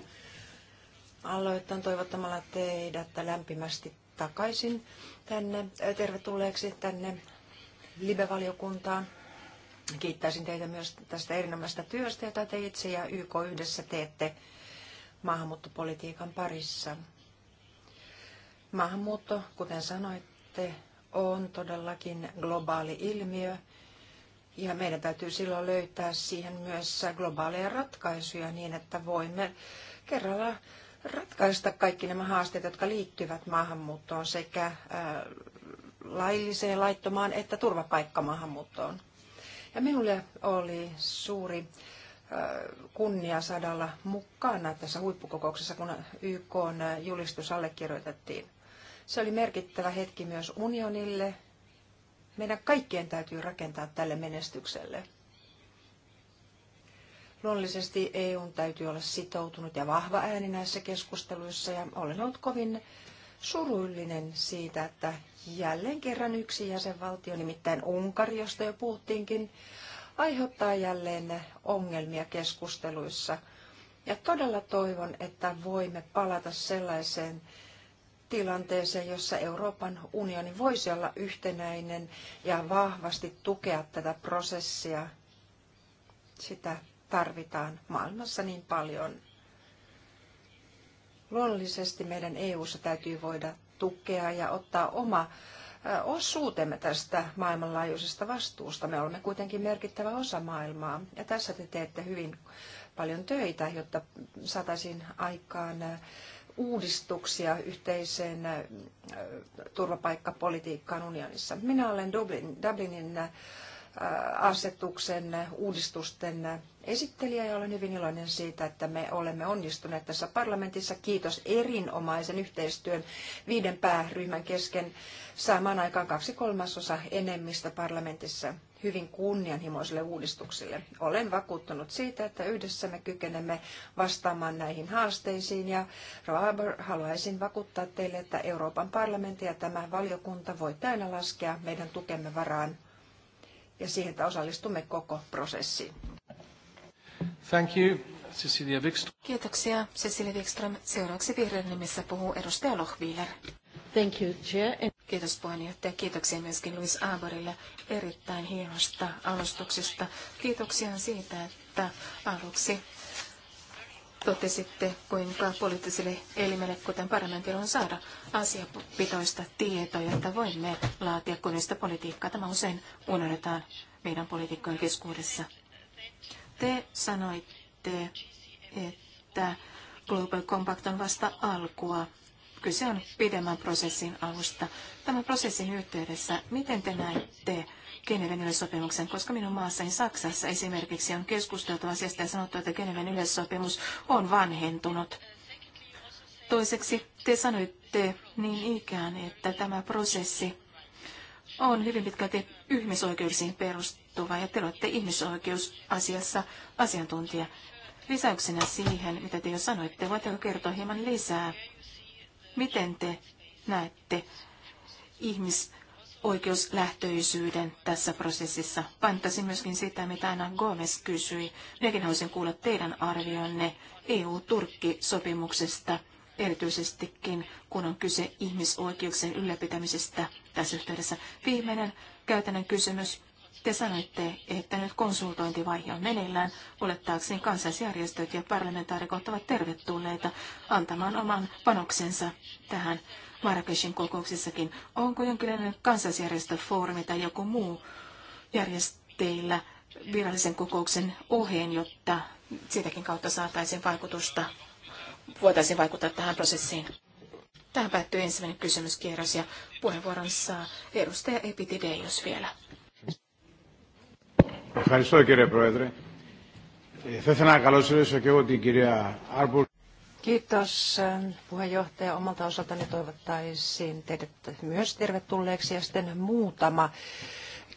Aloitan toivottamalla teidät lämpimästi takaisin tänne, tervetulleeksi tänne libe valiokuntaan Kiittäisin teitä myös tästä erinomaisesta työstä, jota te itse ja YK yhdessä teette maahanmuuttopolitiikan parissa. Maahanmuutto, kuten sanoit, haaste on todellakin globaali ilmiö. Ja meidän täytyy silloin löytää siihen myös globaaleja ratkaisuja niin, että voimme kerralla ratkaista kaikki nämä haasteet, jotka liittyvät maahanmuuttoon sekä äh, lailliseen laittomaan että turvapaikkamaahanmuuttoon. Ja minulle oli suuri äh, kunnia sadalla mukana tässä huippukokouksessa, kun YK äh, julistus allekirjoitettiin. Se oli merkittävä hetki myös unionille. Meidän kaikkien täytyy rakentaa tälle menestykselle. Luonnollisesti EUn täytyy olla sitoutunut ja vahva ääni näissä keskusteluissa ja olen ollut kovin surullinen siitä, että jälleen kerran yksi jäsenvaltio, nimittäin Unkari, josta jo puhuttiinkin, aiheuttaa jälleen ongelmia keskusteluissa. Ja todella toivon, että voimme palata sellaiseen tilanteeseen, jossa Euroopan unioni voisi olla yhtenäinen ja vahvasti tukea tätä prosessia. Sitä tarvitaan maailmassa niin paljon. Luonnollisesti meidän EU:ssa täytyy voida tukea ja ottaa oma osuutemme tästä maailmanlaajuisesta vastuusta. Me olemme kuitenkin merkittävä osa maailmaa ja tässä te teette hyvin paljon töitä, jotta saataisiin aikaan uudistuksia yhteiseen äh, turvapaikkapolitiikkaan unionissa. Minä olen Dublin, Dublinin äh, asetuksen uudistusten esittelijä ja olen hyvin iloinen siitä, että me olemme onnistuneet tässä parlamentissa. Kiitos erinomaisen yhteistyön viiden pääryhmän kesken saamaan aikaan kaksi kolmasosa enemmistö parlamentissa hyvin kunnianhimoisille uudistuksille. Olen vakuuttunut siitä, että yhdessä me kykenemme vastaamaan näihin haasteisiin ja Robert, haluaisin vakuuttaa teille, että Euroopan parlamentti ja tämä valiokunta voi täynnä laskea meidän tukemme varaan ja siihen, että osallistumme koko prosessiin. Thank you, Cecilia Wikström. Kiitoksia, Cecilia Wikström. Seuraavaksi vihreän nimissä puhuu edustaja Lohviler. Thank you, Chair. Kiitos puheenjohtaja. Kiitoksia myöskin Luis Aaborille erittäin hienosta alustuksesta. Kiitoksia siitä, että aluksi totesitte, kuinka poliittisille elimelle, kuten parlamentille, on saada asiapitoista tietoa, jotta voimme laatia kunnista politiikkaa. Tämä usein unohdetaan meidän poliitikkojen keskuudessa. Te sanoitte, että Global Compact on vasta alkua Kyse on pidemmän prosessin alusta. Tämän prosessin yhteydessä, miten te näette Geneven yleissopimuksen, koska minun maassani Saksassa esimerkiksi on keskusteltu asiasta ja sanottu, että Geneven yleissopimus on vanhentunut. Toiseksi te sanoitte niin ikään, että tämä prosessi on hyvin pitkälti ihmisoikeuksiin perustuva ja te olette ihmisoikeusasiassa asiantuntija. Lisäyksenä siihen, mitä te jo sanoitte, voitteko kertoa hieman lisää Miten te näette ihmisoikeuslähtöisyyden tässä prosessissa? Panttaisin myöskin sitä, mitä Anna Gomez kysyi. Minäkin haluaisin kuulla teidän arvionne EU-Turkki-sopimuksesta, erityisestikin kun on kyse ihmisoikeuksien ylläpitämisestä tässä yhteydessä. Viimeinen käytännön kysymys te sanoitte, että nyt konsultointivaihe on meneillään. Olettaakseni kansalaisjärjestöt ja parlamentaarikot ovat tervetulleita antamaan oman panoksensa tähän Marrakeshin kokouksissakin. Onko jonkinlainen kansalaisjärjestöfoorumi tai joku muu järjestäjillä virallisen kokouksen oheen, jotta siitäkin kautta saataisiin vaikutusta, voitaisiin vaikuttaa tähän prosessiin? Tähän päättyy ensimmäinen kysymyskierros ja puheenvuoron saa edustaja Deijos vielä. Ευχαριστώ κύριε Πρόεδρε. Θα ήθελα να καλωσορίσω και εγώ την κυρία Άρμπουλ. Kiitos puheenjohtaja. Omalta osaltani toivottaisin teidät myös tervetulleeksi ja sitten muutama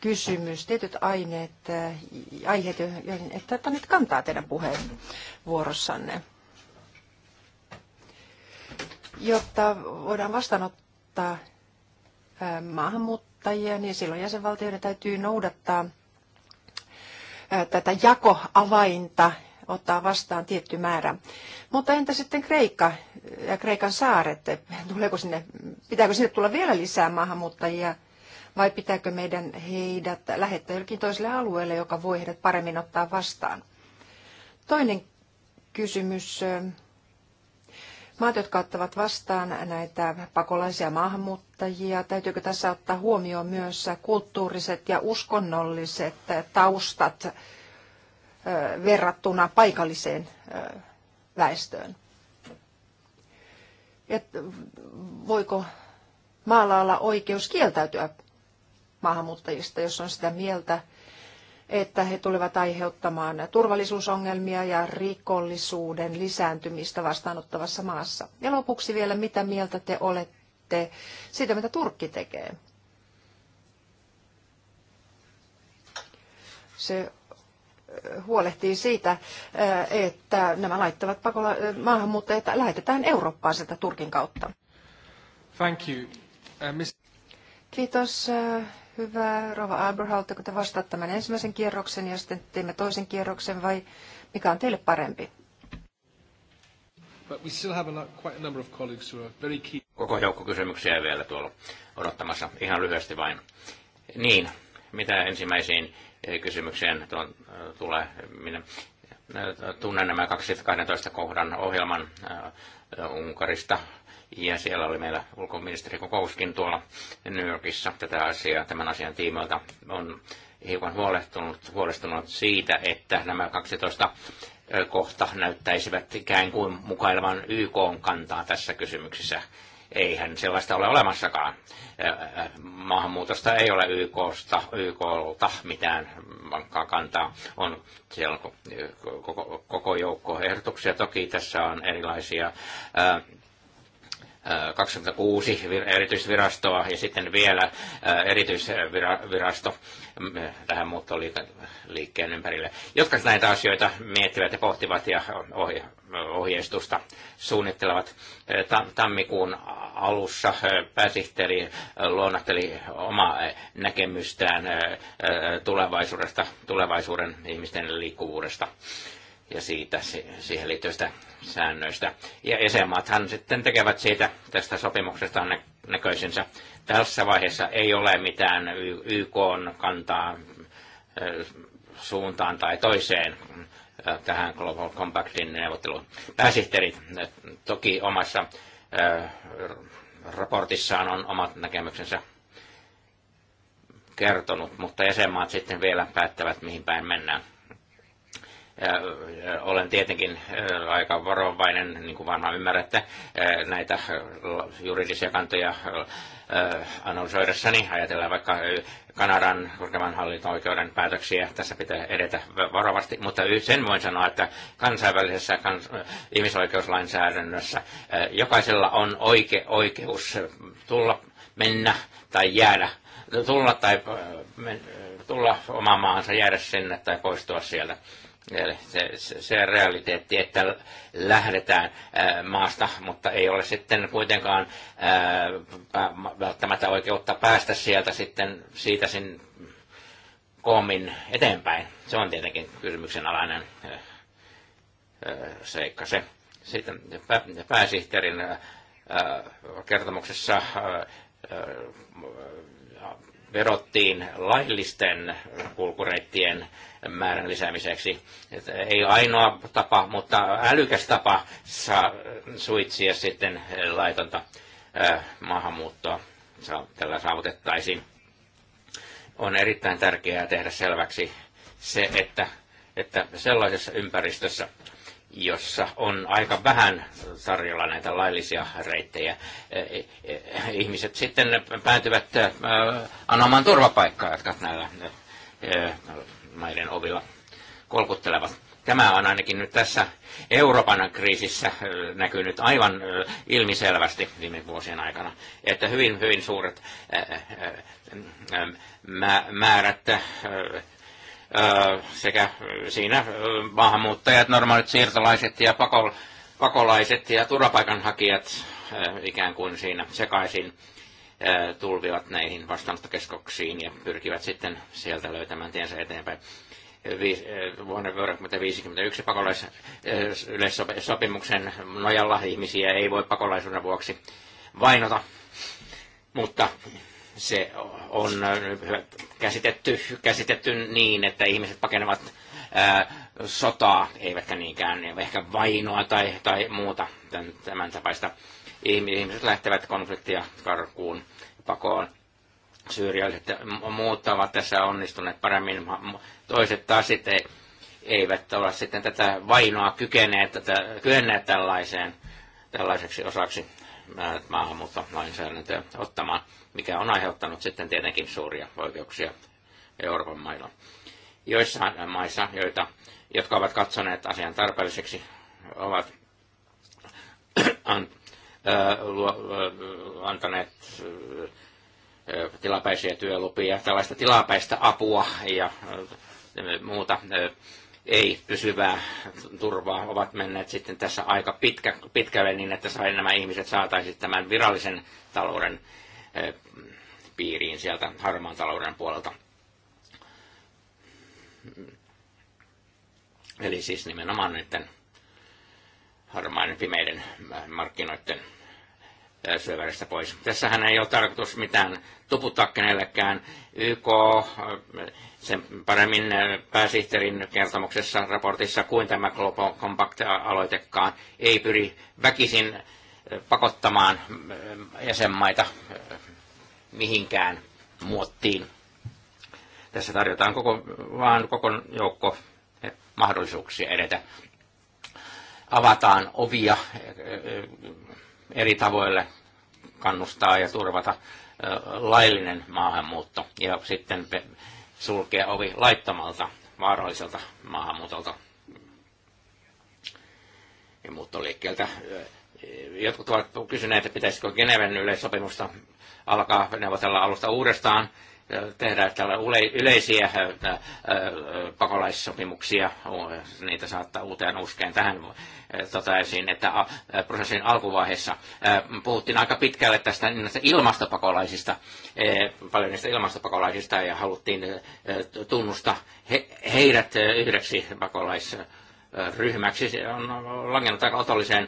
kysymys, tietyt aineet, eh, aiheet, joihin ette ottaneet kantaa teidän puheenvuorossanne. Jotta voidaan vastaanottaa eh, maahanmuuttajia, niin silloin jäsenvaltioiden täytyy noudattaa tätä jakoavainta ottaa vastaan tietty määrä. Mutta entä sitten Kreikka ja Kreikan saaret? Tuleeko sinne, pitääkö sinne tulla vielä lisää maahanmuuttajia vai pitääkö meidän heidät lähettää jollekin toiselle alueelle, joka voi heidät paremmin ottaa vastaan? Toinen kysymys Maat, jotka ottavat vastaan näitä pakolaisia maahanmuuttajia, täytyykö tässä ottaa huomioon myös kulttuuriset ja uskonnolliset taustat verrattuna paikalliseen väestöön? Et voiko maalla olla oikeus kieltäytyä maahanmuuttajista, jos on sitä mieltä, että he tulevat aiheuttamaan turvallisuusongelmia ja rikollisuuden lisääntymistä vastaanottavassa maassa. Ja lopuksi vielä, mitä mieltä te olette siitä, mitä Turkki tekee? Se eh, huolehtii siitä, eh, että nämä laittavat pakola- eh, maahanmuuttajat lähetetään Eurooppaan sieltä Turkin kautta. Thank you. Uh, Kiitos. Hyvä. Rova Aber, haluatteko te vastata tämän ensimmäisen kierroksen ja sitten teemme toisen kierroksen vai mikä on teille parempi? No- Koko joukko kysymyksiä vielä tuolla odottamassa. Ihan lyhyesti vain. Niin, mitä ensimmäisiin eh, kysymykseen tuon, eh, tulee? Minä eh, tunnen nämä 12 kohdan ohjelman Unkarista ja siellä oli meillä ulkoministerikokouskin tuolla New Yorkissa tätä asiaa, tämän asian tiimoilta. On hiukan huolestunut, huolestunut siitä, että nämä 12 kohta näyttäisivät ikään kuin mukailevan YK kantaa tässä kysymyksessä. Eihän sellaista ole olemassakaan. Maahanmuutosta ei ole YKsta, YKlta mitään vankkaa kantaa. On siellä koko, koko joukko ehdotuksia. Toki tässä on erilaisia 26 erityisvirastoa ja sitten vielä erityisvirasto mm, tähän muuttoliikkeen ympärille, jotka näitä asioita miettivät ja pohtivat ja ohjeistusta suunnittelevat. Tammikuun alussa pääsihteeri luonnotteli omaa näkemystään tulevaisuudesta, tulevaisuuden ihmisten liikkuvuudesta ja siitä, siihen liittyvistä säännöistä. Ja jäsenmaathan sitten tekevät siitä tästä sopimuksesta näköisensä. Tässä vaiheessa ei ole mitään YK kantaa suuntaan tai toiseen tähän Global Compactin neuvotteluun. Pääsihteeri toki omassa raportissaan on omat näkemyksensä kertonut, mutta jäsenmaat sitten vielä päättävät, mihin päin mennään. Olen tietenkin äh, aika varovainen, niin kuin varmaan ymmärrätte, äh, näitä äh, juridisia kantoja analysoidessani. Ajatellaan vaikka Kanadan korkeimman hallinto-oikeuden päätöksiä. Tässä pitää edetä varovasti, mutta sen voin sanoa, että kansainvälisessä kans- ihmisoikeuslainsäädännössä jokaisella on oike- oikeus tulla, mennä tai jäädä tulla tai tulla omaan maahansa, jäädä sinne tai poistua sieltä. Eli se, se, se realiteetti, että lähdetään ää, maasta, mutta ei ole sitten kuitenkaan ää, välttämättä oikeutta päästä sieltä sitten siitä sin koomin eteenpäin. Se on tietenkin kysymyksen alainen ää, seikka se. Sitten pä, pääsihteerin ää, kertomuksessa ää, vedottiin laillisten kulkureittien määrän lisäämiseksi. Et ei ainoa tapa, mutta älykäs tapa saa suitsia sitten laitonta maahanmuuttoa tällä saavutettaisiin. On erittäin tärkeää tehdä selväksi se, että, että sellaisessa ympäristössä, jossa on aika vähän tarjolla näitä laillisia reittejä. E, e, e, ihmiset sitten päätyvät anomaan turvapaikkaa, jotka näillä maiden ovilla kolkuttelevat. Tämä on ainakin nyt tässä Euroopan kriisissä näkynyt aivan ilmiselvästi viime vuosien aikana, että hyvin, hyvin suuret määrät sekä siinä maahanmuuttajat, normaalit siirtolaiset ja pakolaiset ja turvapaikanhakijat ikään kuin siinä sekaisin tulvivat näihin vastaanottokeskuksiin ja pyrkivät sitten sieltä löytämään tiensä eteenpäin. Vuonna 1951 pakolaisyleissopimuksen nojalla ihmisiä ei voi pakolaisuuden vuoksi vainota, mutta se on käsitetty, käsitetty niin, että ihmiset pakenevat ää, sotaa, eivätkä niinkään ehkä vainoa tai, tai muuta tämän, tämän tapaista. Ihmiset lähtevät konfliktia karkuun, pakoon. Syyrialaiset muut ovat tässä onnistuneet paremmin, toiset taas sitten eivät ole sitten tätä vainoa kykeneet, tätä, kyenneet tällaiseen, tällaiseksi osaksi maahanmuuttolainsäädäntöä ottamaan, mikä on aiheuttanut sitten tietenkin suuria oikeuksia Euroopan mailla. Joissain maissa, joita, jotka ovat katsoneet asian tarpeelliseksi, ovat äh, äh, äh, antaneet tilapäisiä työlupia, tällaista tilapäistä apua ja muuta ei pysyvää turvaa, ovat menneet sitten tässä aika pitkä, pitkälle niin, että sai, nämä ihmiset saataisiin tämän virallisen talouden piiriin sieltä harmaan talouden puolelta. Eli siis nimenomaan näiden harmaiden pimeiden markkinoiden syöväristä pois. Tässähän ei ole tarkoitus mitään tuputtaa kenellekään. YK, sen paremmin pääsihteerin kertomuksessa, raportissa kuin tämä Global Compact-aloitekaan, ei pyri väkisin pakottamaan jäsenmaita mihinkään muottiin. Tässä tarjotaan koko, vaan koko joukko mahdollisuuksia edetä. Avataan ovia eri tavoille kannustaa ja turvata laillinen maahanmuutto ja sitten sulkea ovi laittomalta, vaaralliselta maahanmuutolta ja muuttoliikkeeltä. Jotkut ovat kysyneet, että pitäisikö Geneven yleissopimusta alkaa neuvotella alusta uudestaan tehdä tällä yleisiä pakolaissopimuksia, niitä saattaa uuteen uskeen tähän esiin, että prosessin alkuvaiheessa puhuttiin aika pitkälle tästä ilmastopakolaisista, e, paljon niistä ilmastopakolaisista ja haluttiin tunnusta heidät yhdeksi pakolais ryhmäksi. Se on langennut aika otolliseen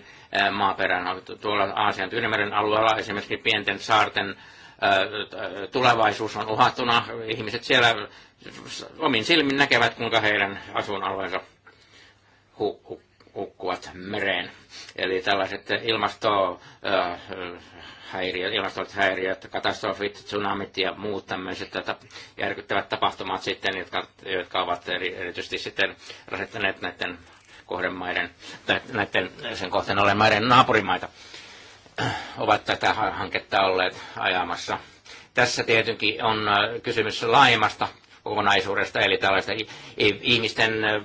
maaperään. Tuolla Aasian Tyynemeren alueella esimerkiksi pienten saarten tulevaisuus on uhattuna. Ihmiset siellä omin silmin näkevät, kuinka heidän asuinalueensa hukkuvat mereen. Eli tällaiset ilmastohäiriöt, ilmastolliset häiriöt, katastrofit, tsunamit ja muut tämmöiset järkyttävät tapahtumat sitten, jotka, jotka ovat erityisesti sitten rasittaneet näiden kohdemaiden, näiden sen kohteen olemaiden naapurimaita ovat tätä hanketta olleet ajamassa. Tässä tietenkin on äh, kysymys laajemmasta kokonaisuudesta, eli tällaista ihmisten äh,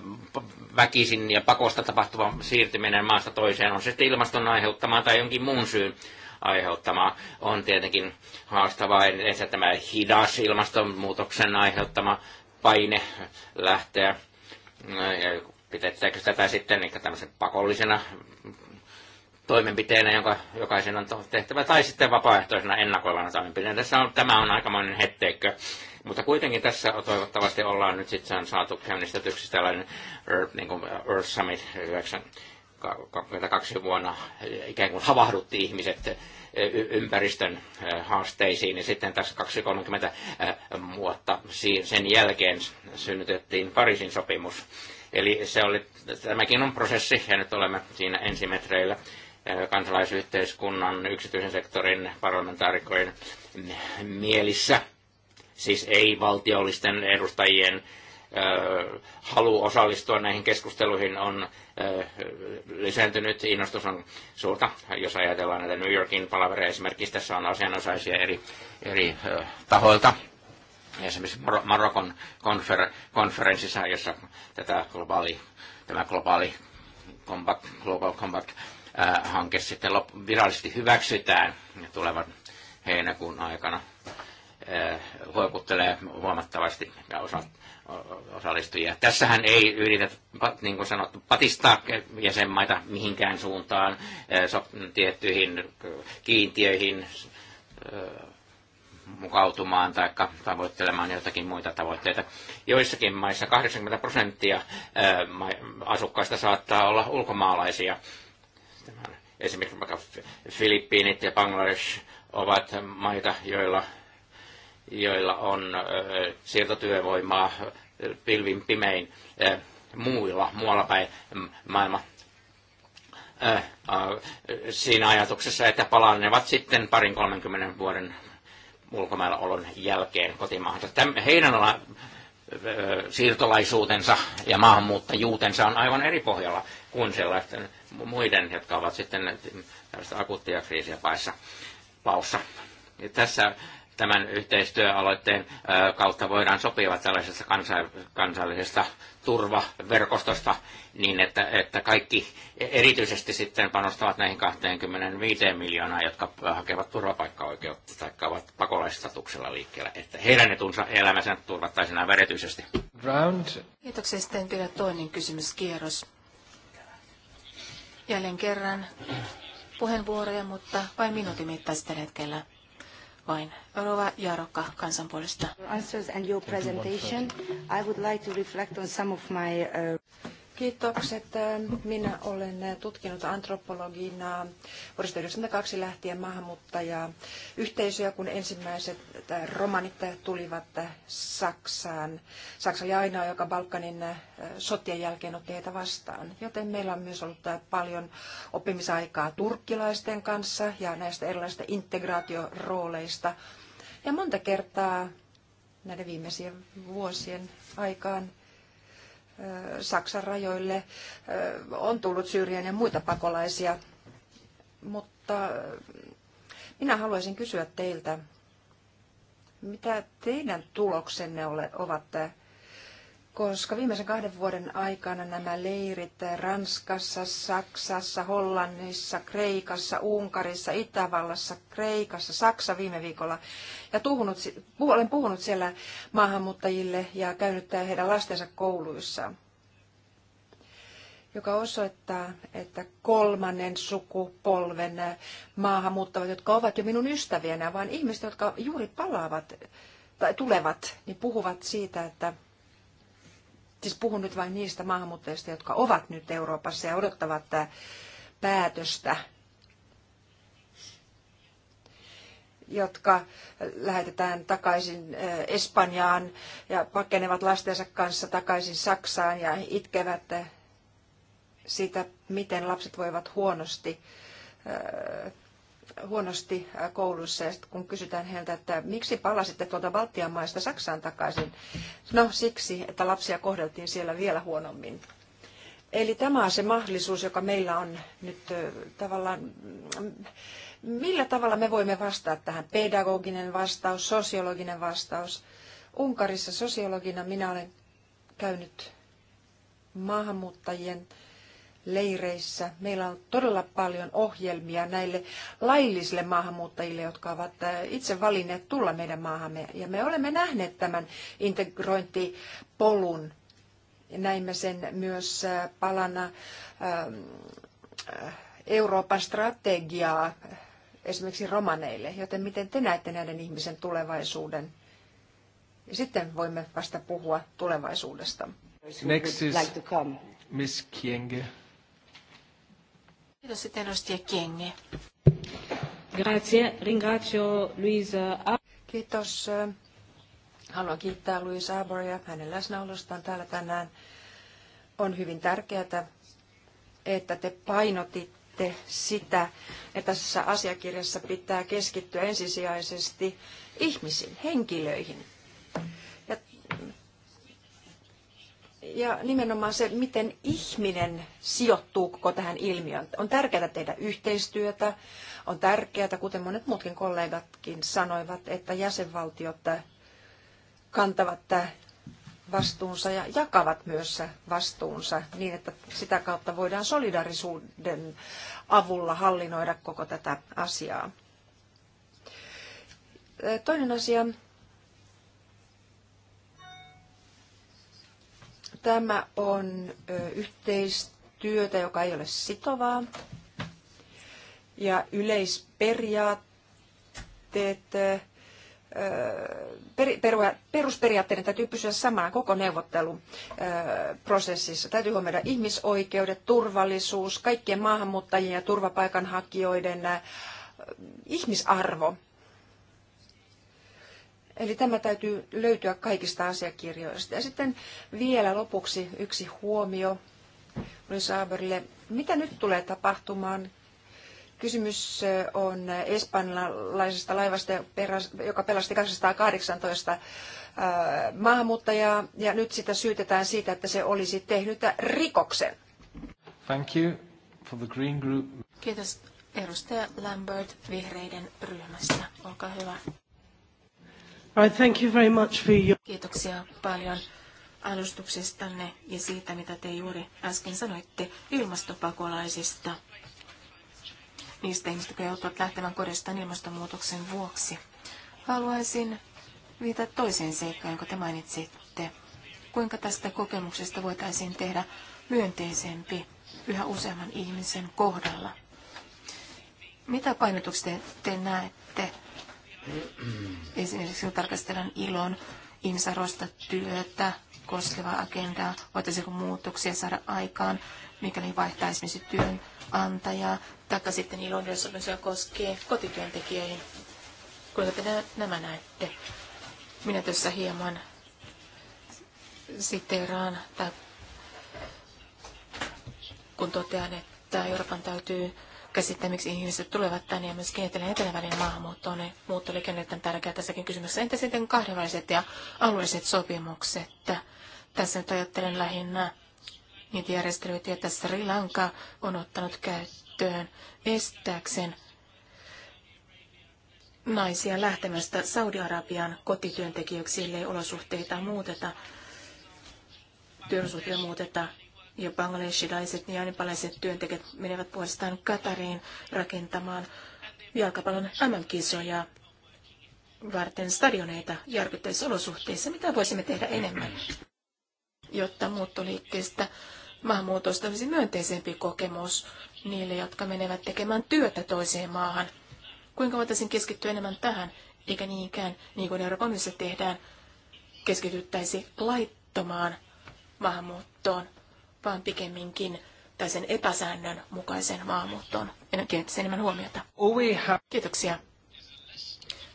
väkisin ja pakosta tapahtuva siirtyminen maasta toiseen, on se sitten ilmaston aiheuttamaa tai jonkin muun syyn aiheuttamaa, on tietenkin haastavaa, että tämä hidas ilmastonmuutoksen aiheuttama paine lähteä, äh, Pitäisikö tätä sitten niin tämmöisen pakollisena toimenpiteenä, jonka jokaisen on tehtävä, tai sitten vapaaehtoisena ennakoivana toimenpiteenä. Tässä on, tämä on aikamoinen hetteikkö. Mutta kuitenkin tässä toivottavasti ollaan nyt sitten saatu käynnistetyksi tällainen Earth, niin kuin Earth Summit 22 vuonna ikään kuin havahdutti ihmiset eh, ympäristön eh, haasteisiin ja sitten tässä 2030 eh, vuotta sen jälkeen synnytettiin Pariisin sopimus. Eli se oli, tämäkin on prosessi ja nyt olemme siinä ensimetreillä kansalaisyhteiskunnan, yksityisen sektorin parlamentaarikkojen mielissä. Siis ei valtiollisten edustajien halu osallistua näihin keskusteluihin on lisääntynyt, innostus on suurta. Jos ajatellaan näitä New Yorkin palavereja esimerkiksi, tässä on asianosaisia eri, eri tahoilta. Esimerkiksi Marokon konfer, konferenssissa, jossa tätä globaali, tämä globaali combat, Global combat hanke sitten virallisesti hyväksytään ja tulevan heinäkuun aikana huokuttelee huomattavasti osa, osallistujia. Tässähän ei yritetä, niin kuin sanottu, patistaa jäsenmaita mihinkään suuntaan, tiettyihin kiintiöihin mukautumaan tai tavoittelemaan jotakin muita tavoitteita. Joissakin maissa 80 prosenttia asukkaista saattaa olla ulkomaalaisia Esimerkiksi vaikka Filippiinit ja Bangladesh ovat maita, joilla, joilla on siirtotyövoimaa pilvin pimein muilla, muualla päin maailma siinä ajatuksessa, että palanevat sitten parin 30 vuoden ulkomailla olon jälkeen kotimaahan. heidän ala, siirtolaisuutensa ja maahanmuuttajuutensa on aivan eri pohjalla kuin sellaisten muiden, jotka ovat sitten tällaista akuuttia kriisiä paissa, paussa. Ja tässä tämän yhteistyöaloitteen kautta voidaan sopia tällaisesta kansallisesta turvaverkostosta niin, että, että kaikki erityisesti sitten panostavat näihin 25 miljoonaa, jotka hakevat turvapaikkaoikeutta tai ovat pakolaistatuksella liikkeellä, että heidän etunsa elämänsä turvattaisiin aivan erityisesti. Round. Kiitoksia. Sitten vielä toinen kysymyskierros jälleen kerran puheenvuoroja, mutta vain minuutin mittaista tällä hetkellä. Vain Rova Jarokka kansan puolesta. Answers and your presentation. I would like to reflect on some of my, uh... Kiitokset. Minä olen tutkinut antropologina vuodesta 92 lähtien maahanmuuttaja yhteisöjä, kun ensimmäiset romanit tulivat Saksaan. Saksa oli ainoa, joka Balkanin sotien jälkeen otti heitä vastaan. Joten meillä on myös ollut paljon oppimisaikaa turkkilaisten kanssa ja näistä erilaisista integraatiorooleista. Ja monta kertaa näiden viimeisien vuosien aikaan Saksan rajoille on tullut Syyrian ja muita pakolaisia. Mutta minä haluaisin kysyä teiltä, mitä teidän tuloksenne ovat koska viimeisen kahden vuoden aikana nämä leirit Ranskassa, Saksassa, Hollannissa, Kreikassa, Unkarissa, Itävallassa, Kreikassa, Saksa viime viikolla. Ja tuhunut, olen puhunut siellä maahanmuuttajille ja käynyt heidän lastensa kouluissa joka osoittaa, että kolmannen sukupolven maahanmuuttajat, jotka ovat jo minun ystävienä, vaan ihmiset, jotka juuri palaavat tai tulevat, niin puhuvat siitä, että siis puhun nyt vain niistä maahanmuuttajista, jotka ovat nyt Euroopassa ja odottavat äh, päätöstä, jotka äh, lähetetään takaisin äh, Espanjaan ja pakenevat lastensa kanssa takaisin Saksaan ja itkevät siitä, miten lapset voivat huonosti huonosti äh, koulussa ja sitten kun kysytään heiltä, että miksi palasitte tuolta Baltian maista Saksaan takaisin, no siksi, että lapsia kohdeltiin siellä vielä huonommin. Eli tämä on se mahdollisuus, joka meillä on nyt tavallaan, mm, millä tavalla me voimme vastata tähän. Pedagoginen vastaus, sosiologinen vastaus. Unkarissa sosiologina minä olen käynyt maahanmuuttajien äh, leireissä. Meillä on todella paljon ohjelmia näille laillisille maahanmuuttajille, jotka ovat äh, itse valinneet tulla meidän maahamme. Ja me olemme nähneet tämän integrointipolun. Näimme sen myös äh, palana ähm, äh, Euroopan strategiaa esimerkiksi romaneille. Joten miten te näette näiden ihmisen tulevaisuuden? Ja sitten voimme vasta puhua tulevaisuudesta. Next is Miss Kienge. Kiitos Luisa. Haluan kiittää Luis Aboria hänen läsnäolostaan täällä tänään. On hyvin tärkeää, että te painotitte sitä, että tässä asiakirjassa pitää keskittyä ensisijaisesti ihmisiin, henkilöihin ja nimenomaan se, miten ihminen sijoittuu koko tähän ilmiöön. On tärkeää tehdä yhteistyötä, on tärkeää, kuten monet muutkin kollegatkin sanoivat, että jäsenvaltiot kantavat vastuunsa ja jakavat myös vastuunsa niin, että sitä kautta voidaan solidarisuuden avulla hallinnoida koko tätä asiaa. Toinen asia Tämä on yhteistyötä, joka ei ole sitovaa. Ja yleisperiaatteet, perusperiaatteiden täytyy pysyä samana koko neuvotteluprosessissa. Täytyy huomioida ihmisoikeudet, turvallisuus, kaikkien maahanmuuttajien ja turvapaikanhakijoiden ihmisarvo. Eli tämä täytyy löytyä kaikista asiakirjoista. Ja sitten vielä lopuksi yksi huomio Saaberille. Mitä nyt tulee tapahtumaan? Kysymys on espanjalaisesta laivasta, joka pelasti 218 maahanmuuttajaa, ja nyt sitä syytetään siitä, että se olisi tehnyt rikoksen. Thank you for the green group. Kiitos edustaja Lambert vihreiden ryhmästä. Olkaa hyvä thank you very much for your... Kiitoksia paljon alustuksestanne ja siitä, mitä te juuri äsken sanoitte ilmastopakolaisista. Niistä ihmistä, jotka joutuvat lähtemään kodistaan ilmastonmuutoksen vuoksi. Haluaisin viitata toiseen seikkaan, jonka te mainitsitte. Kuinka tästä kokemuksesta voitaisiin tehdä myönteisempi yhä useamman ihmisen kohdalla? Mitä painotuksia te näette Esimerkiksi kun tarkastellaan ilon ihmisarvoista työtä koskevaa agendaa, voitaisiinko muutoksia saada aikaan, mikäli vaihtaa esimerkiksi työnantajaa, taikka sitten ilon myös koskee kotityöntekijöihin. Kuinka te nämä näette? Minä tässä hieman siteraan, tai kun totean, että Euroopan täytyy miksi ihmiset tulevat tänne ja myös kehitellään etelävälinen maahanmuutto on muuttoliike on tärkeää tässäkin kysymyksessä. Entä sitten kahdenväliset ja alueelliset sopimukset? Tässä nyt ajattelen lähinnä niitä järjestelyitä, joita Sri Lanka on ottanut käyttöön estääkseen naisia lähtemästä Saudi-Arabian kotityöntekijöiksi, ellei olosuhteita muuteta, työsuhteita muuteta ja bangladeshilaiset ja anipalaiset työntekijät menevät puolestaan Katariin rakentamaan jalkapallon MM-kisoja varten stadioneita järkyttävissä olosuhteissa. Mitä voisimme tehdä enemmän, jotta muuttoliikkeestä maahanmuutosta olisi myönteisempi kokemus niille, jotka menevät tekemään työtä toiseen maahan? Kuinka voitaisiin keskittyä enemmän tähän, eikä niinkään, niin kuin Euroopan tehdään, keskityttäisi laittomaan maahanmuuttoon vaan pikemminkin tai sen epäsäännön mukaisen maahanmuuttoon. En kiinnitä enemmän huomiota. Kiitoksia.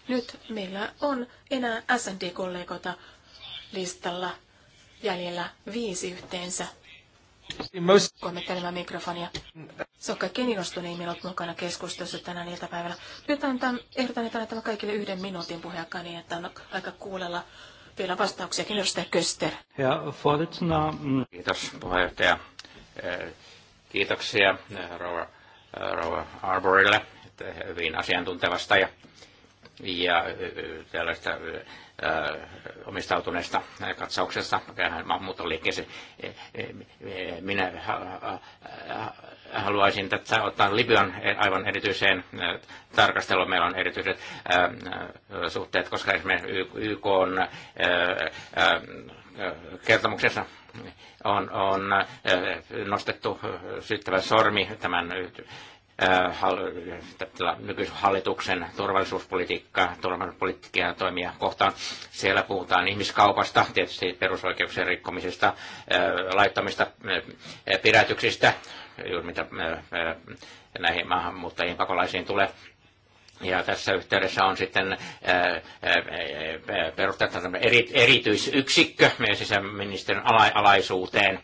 Nyt meillä on enää snd kollegoita listalla jäljellä viisi yhteensä. Kommenttelemaan mikrofonia. Se on kaikkein innostuneimmin ollut mukana keskustelussa tänään iltapäivällä. Nyt ehdotan, että annetaan kaikille yhden minuutin puheakkaan niin että on aika kuulella vielä vastauksia. edustaja Köster. Ja mm. Kiitos puheenjohtaja. Eh, kiitoksia eh, rouva, rouva Arborille hyvin asiantuntevasta ja ja äh, tällaista äh, äh, omistautuneesta katsauksesta maahanmuuttoliikkeeseen. Minä haluaisin tätä ottaa Libyan aivan erityiseen tarkasteluun. Meillä on erityiset suhteet, koska esimerkiksi YK on kertomuksessa on, on nostettu syyttävä sormi tämän hallituksen turvallisuuspolitiikkaa, turvallisuuspolitiikkaa toimia kohtaan. Siellä puhutaan ihmiskaupasta, tietysti perusoikeuksien rikkomisesta, laittomista pidätyksistä, juuri mitä näihin maahanmuuttajien pakolaisiin tulee. Ja tässä yhteydessä on sitten perustettu erityisyksikkö meidän sisäministeriön alaisuuteen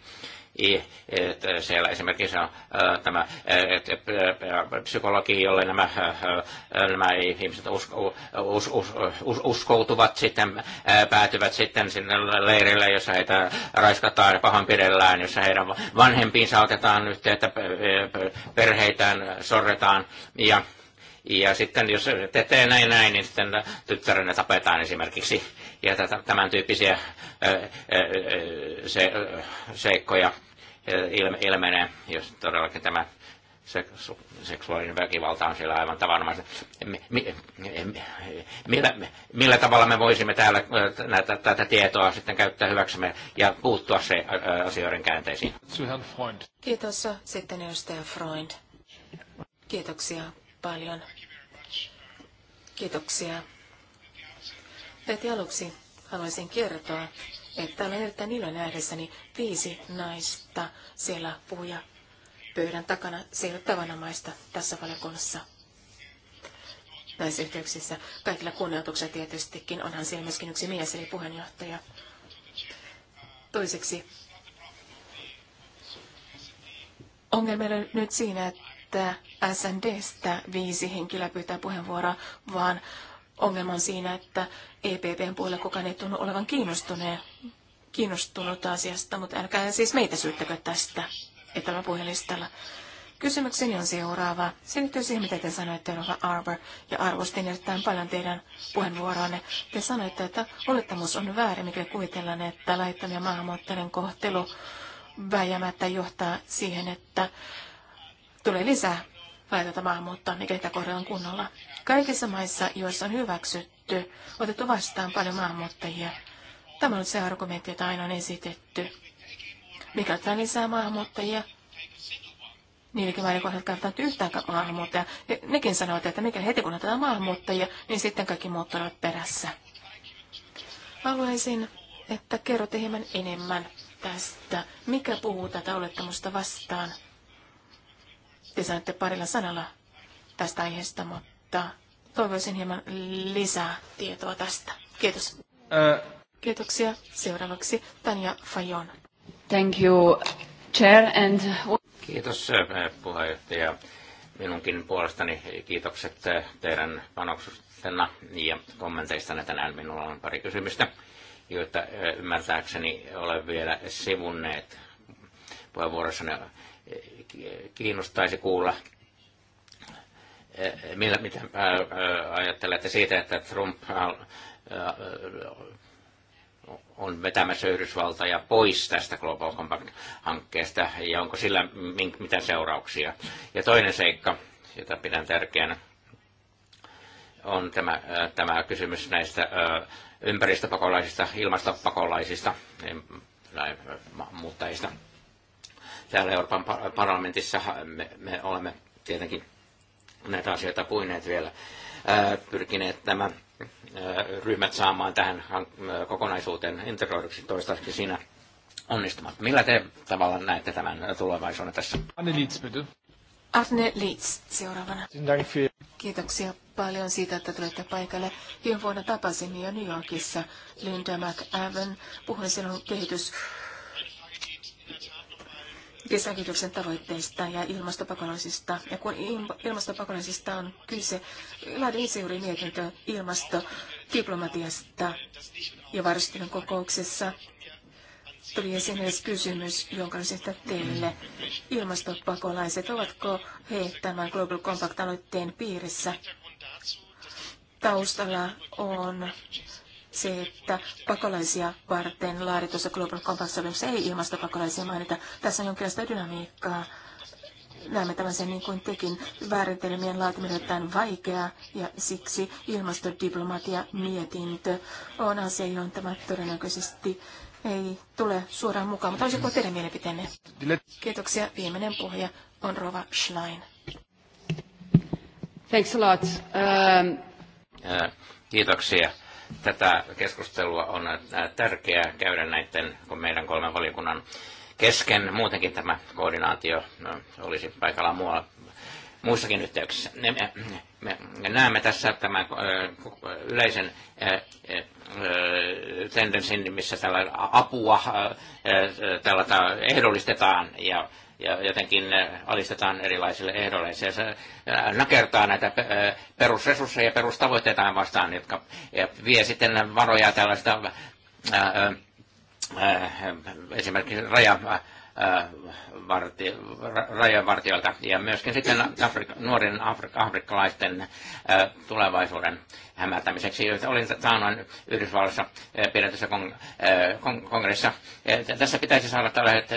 siellä esimerkiksi on tämä psykologi, jolle nämä, nämä ihmiset usko, us, us, us, uskoutuvat sitten, päätyvät sitten sinne leirille, jossa heitä raiskataan ja pahanpidellään, jossa heidän vanhempiinsa saatetaan yhteyttä, perheitään sorretaan ja ja sitten jos tekee näin näin, niin sitten tyttärenne tapetaan esimerkiksi. Ja tämän tyyppisiä se, seikkoja ilmenee, jos todellakin tämä seksu, seksuaalinen väkivalta on siellä aivan tavanomaista. millä, millä tavalla me voisimme täällä näitä, tätä tietoa sitten käyttää hyväksemme ja puuttua se asioiden käänteisiin? Kiitos. Sitten edustaja Freund. Kiitoksia paljon. Kiitoksia. Heti aluksi haluaisin kertoa, että olen erittäin iloinen ääressäni viisi naista siellä puhuja pöydän takana. Se ei ole tavanomaista tässä valiokunnassa näissä Kaikilla kunnioituksella tietystikin onhan siellä myöskin yksi mies, eli puheenjohtaja. Toiseksi ongelma on nyt siinä, että SNDstä viisi henkilöä pyytää puheenvuoroa, vaan Ongelman siinä, että EPPn puolella kukaan ei tunnu olevan kiinnostuneen, kiinnostunut asiasta, mutta älkää siis meitä syyttäkö tästä etelä puhelistalla. Kysymykseni on seuraava. Se liittyy siihen, mitä te sanoitte, Rova Arbor, ja arvostin erittäin paljon teidän puheenvuoroanne. Te sanoitte, että olettamus on väärin, mikä kuvitellaan, että laittamia maahanmuuttajien kohtelu väijämättä johtaa siihen, että tulee lisää laitonta maahanmuuttoa, mikä niitä kohdellaan kunnolla. Kaikissa maissa, joissa on hyväksytty, otettu vastaan paljon maahanmuuttajia. Tämä on se argumentti, jota aina on esitetty. Mikä ottaa lisää maahanmuuttajia? Niillekin maiden kohdalla kannattaa yhtään maahanmuuttajia. Ja nekin sanovat, että mikä heti kun otetaan maahanmuuttajia, niin sitten kaikki muut tulevat perässä. Haluaisin, että kerrotte hieman enemmän tästä. Mikä puhuu tätä olettamusta vastaan? Te sanotte parilla sanalla tästä aiheesta, mutta mutta toivoisin hieman lisää tietoa tästä. Kiitos. Ää... Äh. Kiitoksia. Seuraavaksi Tanja Fajon. Thank you, Chair. And... Kiitos äh, puheenjohtaja. Minunkin puolestani kiitokset äh, teidän panoksustenna ja kommenteistanne tänään. Minulla on pari kysymystä, joita ymmärtääkseni olen vielä sivunneet puheenvuorossani. Kiinnostaisi kuulla millä, mitä ajattelette siitä, että Trump on vetämässä Yhdysvaltoja pois tästä Global Compact-hankkeesta ja onko sillä mitä seurauksia? Ja toinen seikka, jota pidän tärkeänä, on tämä, tämä kysymys näistä ympäristöpakolaisista, ilmastopakolaisista, tai niin, muuttajista. Täällä Euroopan parlamentissa me, me olemme tietenkin näitä asioita puineet vielä, pyrkineet nämä ryhmät saamaan tähän kokonaisuuteen integroiduksi toistaiseksi siinä onnistumatta. Millä te tavalla näette tämän tulevaisuuden tässä? Anne Liitz, bitte. Arne Liitz seuraavana. Kiitoksia paljon siitä, että tulette paikalle. Viime vuonna tapasin jo New Yorkissa Linda McAven. Puhuin sinun kehitys kesäkehityksen tavoitteista ja ilmastopakolaisista. Ja kun ilmastopakolaisista on kyse, laadin itse juuri mietintö ilmastodiplomatiasta ja varsinkin kokouksessa tuli esiin edes kysymys, jonka olisin teille. Ilmastopakolaiset, ovatko he tämän Global Compact-aloitteen piirissä? Taustalla on se, että pakolaisia varten laaditussa Global Compact ei ilmastopakolaisia mainita. Tässä on jonkinlaista dynamiikkaa näemme tämmöisen niin kuin tekin väärintelmien laatiminen on vaikeaa ja siksi ilmastodiplomatia mietintö on asia, johon tämä todennäköisesti ei tule suoraan mukaan, mutta olisiko teidän mielipiteenne? Kiitoksia. Viimeinen puhuja on Rova Schlein. Thanks a lot. Um... Kiitoksia. Tätä keskustelua on tärkeää käydä näiden meidän kolmen valiokunnan kesken. Muutenkin tämä koordinaatio no, olisi paikallaan muualla muissakin yhteyksissä. Me, me, me näemme tässä tämän yleisen tendenssin, missä tällä apua tällä ehdollistetaan ja ja jotenkin äh, alistetaan erilaisille ehdolle. Se, äh, nakertaa näitä äh, perusresursseja ja perustavoitteitaan vastaan, jotka vie sitten varoja tällaista esimerkiksi raja varti, rajavartijoilta ja myöskin sitten Afrika, nuorien Afrika, afrikkalaisten tulevaisuuden hämärtämiseksi. Olin saanut Yhdysvalloissa pidetyssä kong, kongressissa. Tässä pitäisi saada tällaiset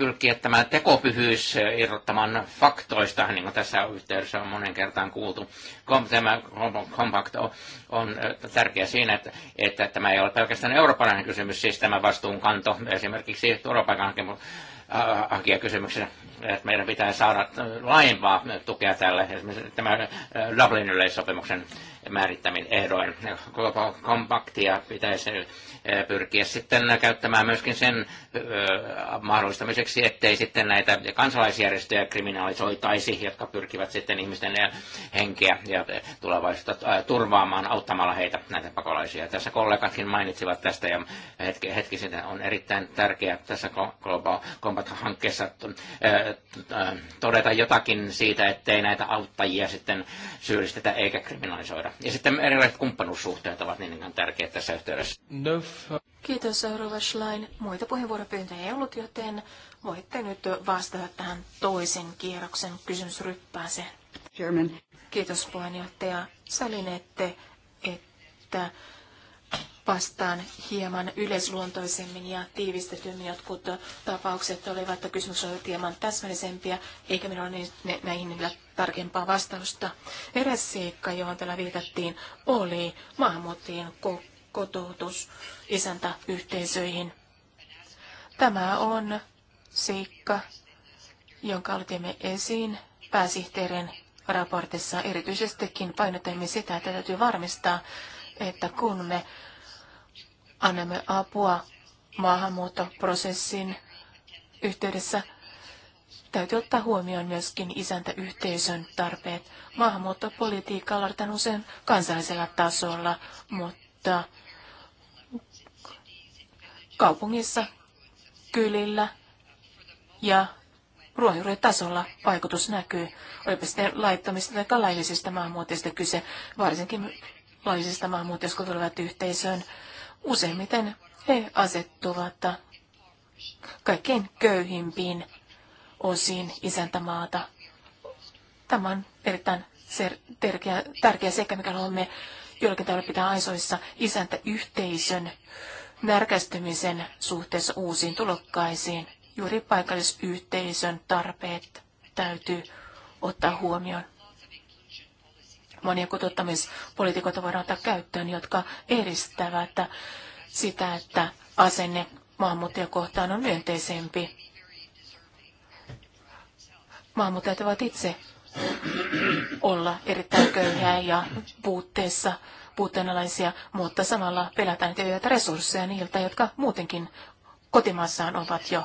pyrkiä tämä tekopyhyys irrottamaan faktoista, niin kuin tässä yhteydessä on monen kertaan kuultu. Tämä kompakt on tärkeä siinä, että, että tämä ei ole pelkästään eurooppalainen kysymys, siis tämä vastuunkanto esimerkiksi turvapaikanhakemus hakijakysymyksenä. Että meidän pitää saada laajempaa tukea tälle, esimerkiksi tämä äh, Dublin yleissopimuksen määrittämin ehdoin. Kompaktia pitäisi äh, pyrkiä sitten käyttämään myöskin sen äh, mahdollistamiseksi, ettei sitten näitä kansalaisjärjestöjä kriminalisoitaisi, jotka pyrkivät sitten ihmisten henkeä ja tulevaisuutta turvaamaan auttamalla heitä näitä pakolaisia. Tässä kollegatkin mainitsivat tästä ja hetki, hetki sitten on erittäin tärkeää tässä Global ovat hankkeessa äh, todeta jotakin siitä, ettei näitä auttajia sitten syyllistetä eikä kriminalisoida. Ja sitten erilaiset kumppanuussuhteet ovat niin tärkeitä tässä yhteydessä. No. Kiitos, Rova Schlein. Muita puheenvuoropyyntöjä ei ollut, joten voitte nyt vastata tähän toisen kierroksen kysymysryppääseen. German. Kiitos puheenjohtaja. Salin, että, että vastaan hieman yleisluontoisemmin ja tiivistetymmin. Jotkut tapaukset olivat, että kysymys oli hieman täsmällisempiä, eikä minulla ole näihin vielä tarkempaa vastausta. Eräs seikka, johon täällä viitattiin, oli maahanmuuttajien kotoutus isäntäyhteisöihin. Tämä on seikka, jonka otimme esiin pääsihteerin raportissa erityisestikin painotamme sitä, että täytyy varmistaa, että kun me annamme apua maahanmuuttoprosessin yhteydessä täytyy ottaa huomioon myöskin isäntäyhteisön tarpeet. Maahanmuuttopolitiikka on usein kansallisella tasolla, mutta kaupungissa, kylillä ja tasolla vaikutus näkyy. Olipa sitten laittomista tai laillisista maahanmuuttajista kyse, varsinkin laillisista maahanmuuttajista, jotka tulevat yhteisöön Useimmiten he asettuvat kaikkein köyhimpiin osiin isäntämaata. Tämä on erittäin tärkeä, tärkeä sekä, mikä haluamme jollakin tavalla pitää aisoissa isäntäyhteisön närkästymisen suhteessa uusiin tulokkaisiin. Juuri paikallisyhteisön tarpeet täytyy ottaa huomioon monia kotouttamispolitiikoita voidaan ottaa käyttöön, jotka edistävät sitä, että asenne maahanmuuttajakohtaan on myönteisempi. Maahanmuuttajat ovat itse olla erittäin köyhiä ja puutteessa puutteenalaisia, mutta samalla pelätään, että resursseja niiltä, jotka muutenkin kotimaassaan ovat jo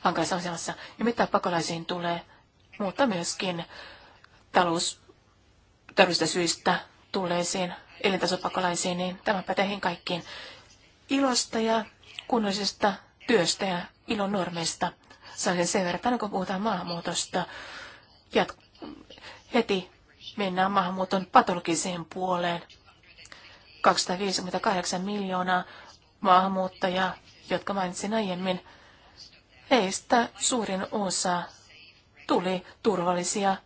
hankalassa asemassa. Ja mitä pakolaisiin tulee, mutta myöskin talous, tämmöistä syistä tulleisiin elintasopakolaisiin, niin tämä päteihin kaikkiin ilosta ja kunnollisesta työstä ja ilon normeista. Sain sen verran, että kun puhutaan maahanmuutosta, jat- heti mennään maahanmuuton patologiseen puoleen. 258 miljoonaa maahanmuuttajaa, jotka mainitsin aiemmin, heistä suurin osa tuli turvallisia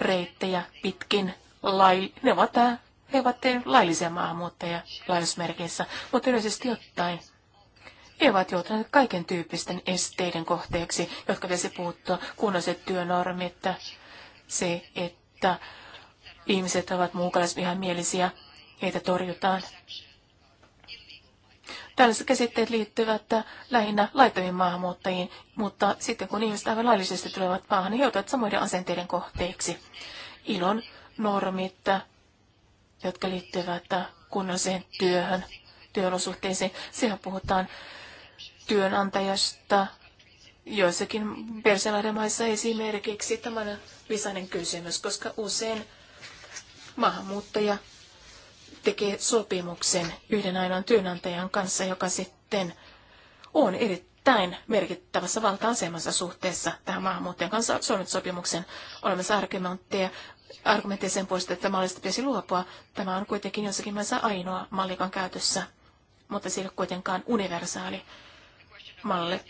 reittejä pitkin lai, ne ovat, he äh, ovat laillisia maahanmuuttajia laillismerkeissä, mutta yleisesti ottaen he ovat joutuneet kaiken tyyppisten esteiden kohteeksi, jotka pitäisi puuttua, kunnolliset työnormit, se, että ihmiset ovat muukalaisvihamielisiä, heitä torjutaan. Tällaiset käsitteet liittyvät lähinnä laittomiin maahanmuuttajiin, mutta sitten kun ihmiset aivan laillisesti tulevat maahan, niin he joutuvat samoiden asenteiden kohteeksi. Ilon normit, jotka liittyvät kunnalliseen työhön, työolosuhteisiin. Siellä puhutaan työnantajasta. Joissakin Persialaiden maissa esimerkiksi tämä on lisäinen kysymys, koska usein maahanmuuttaja tekee sopimuksen yhden ainoan työnantajan kanssa, joka sitten on erittäin merkittävässä valta-asemassa suhteessa tähän maahanmuuttajan kanssa solmit sopimuksen. Olemassa argumentteja argumentteja sen puolesta, että mallista pitäisi luopua. Tämä on kuitenkin jossakin mielessä ainoa malli, joka on käytössä, mutta se ei ole kuitenkaan universaali malli.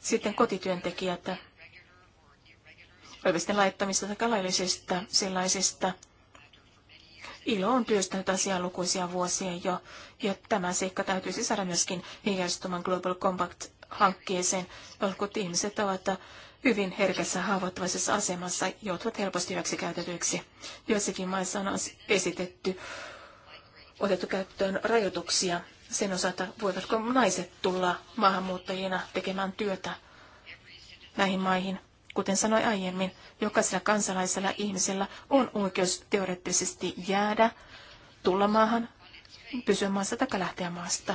Sitten kotityöntekijät, oivisten laittamista tai laillisista sellaisista. ILO on työstänyt asiaa lukuisia vuosia jo, ja tämä seikka täytyisi saada myöskin heijastumaan Global Compact-hankkeeseen. Jotkut ihmiset ovat hyvin herkässä haavoittuvaisessa asemassa joutuvat helposti hyväksikäytetyiksi. Joissakin maissa on esitetty, otettu käyttöön rajoituksia sen osalta, voivatko naiset tulla maahanmuuttajina tekemään työtä näihin maihin. Kuten sanoin aiemmin, jokaisella kansalaisella ihmisellä on oikeus teoreettisesti jäädä, tulla maahan, pysyä maassa tai lähteä maasta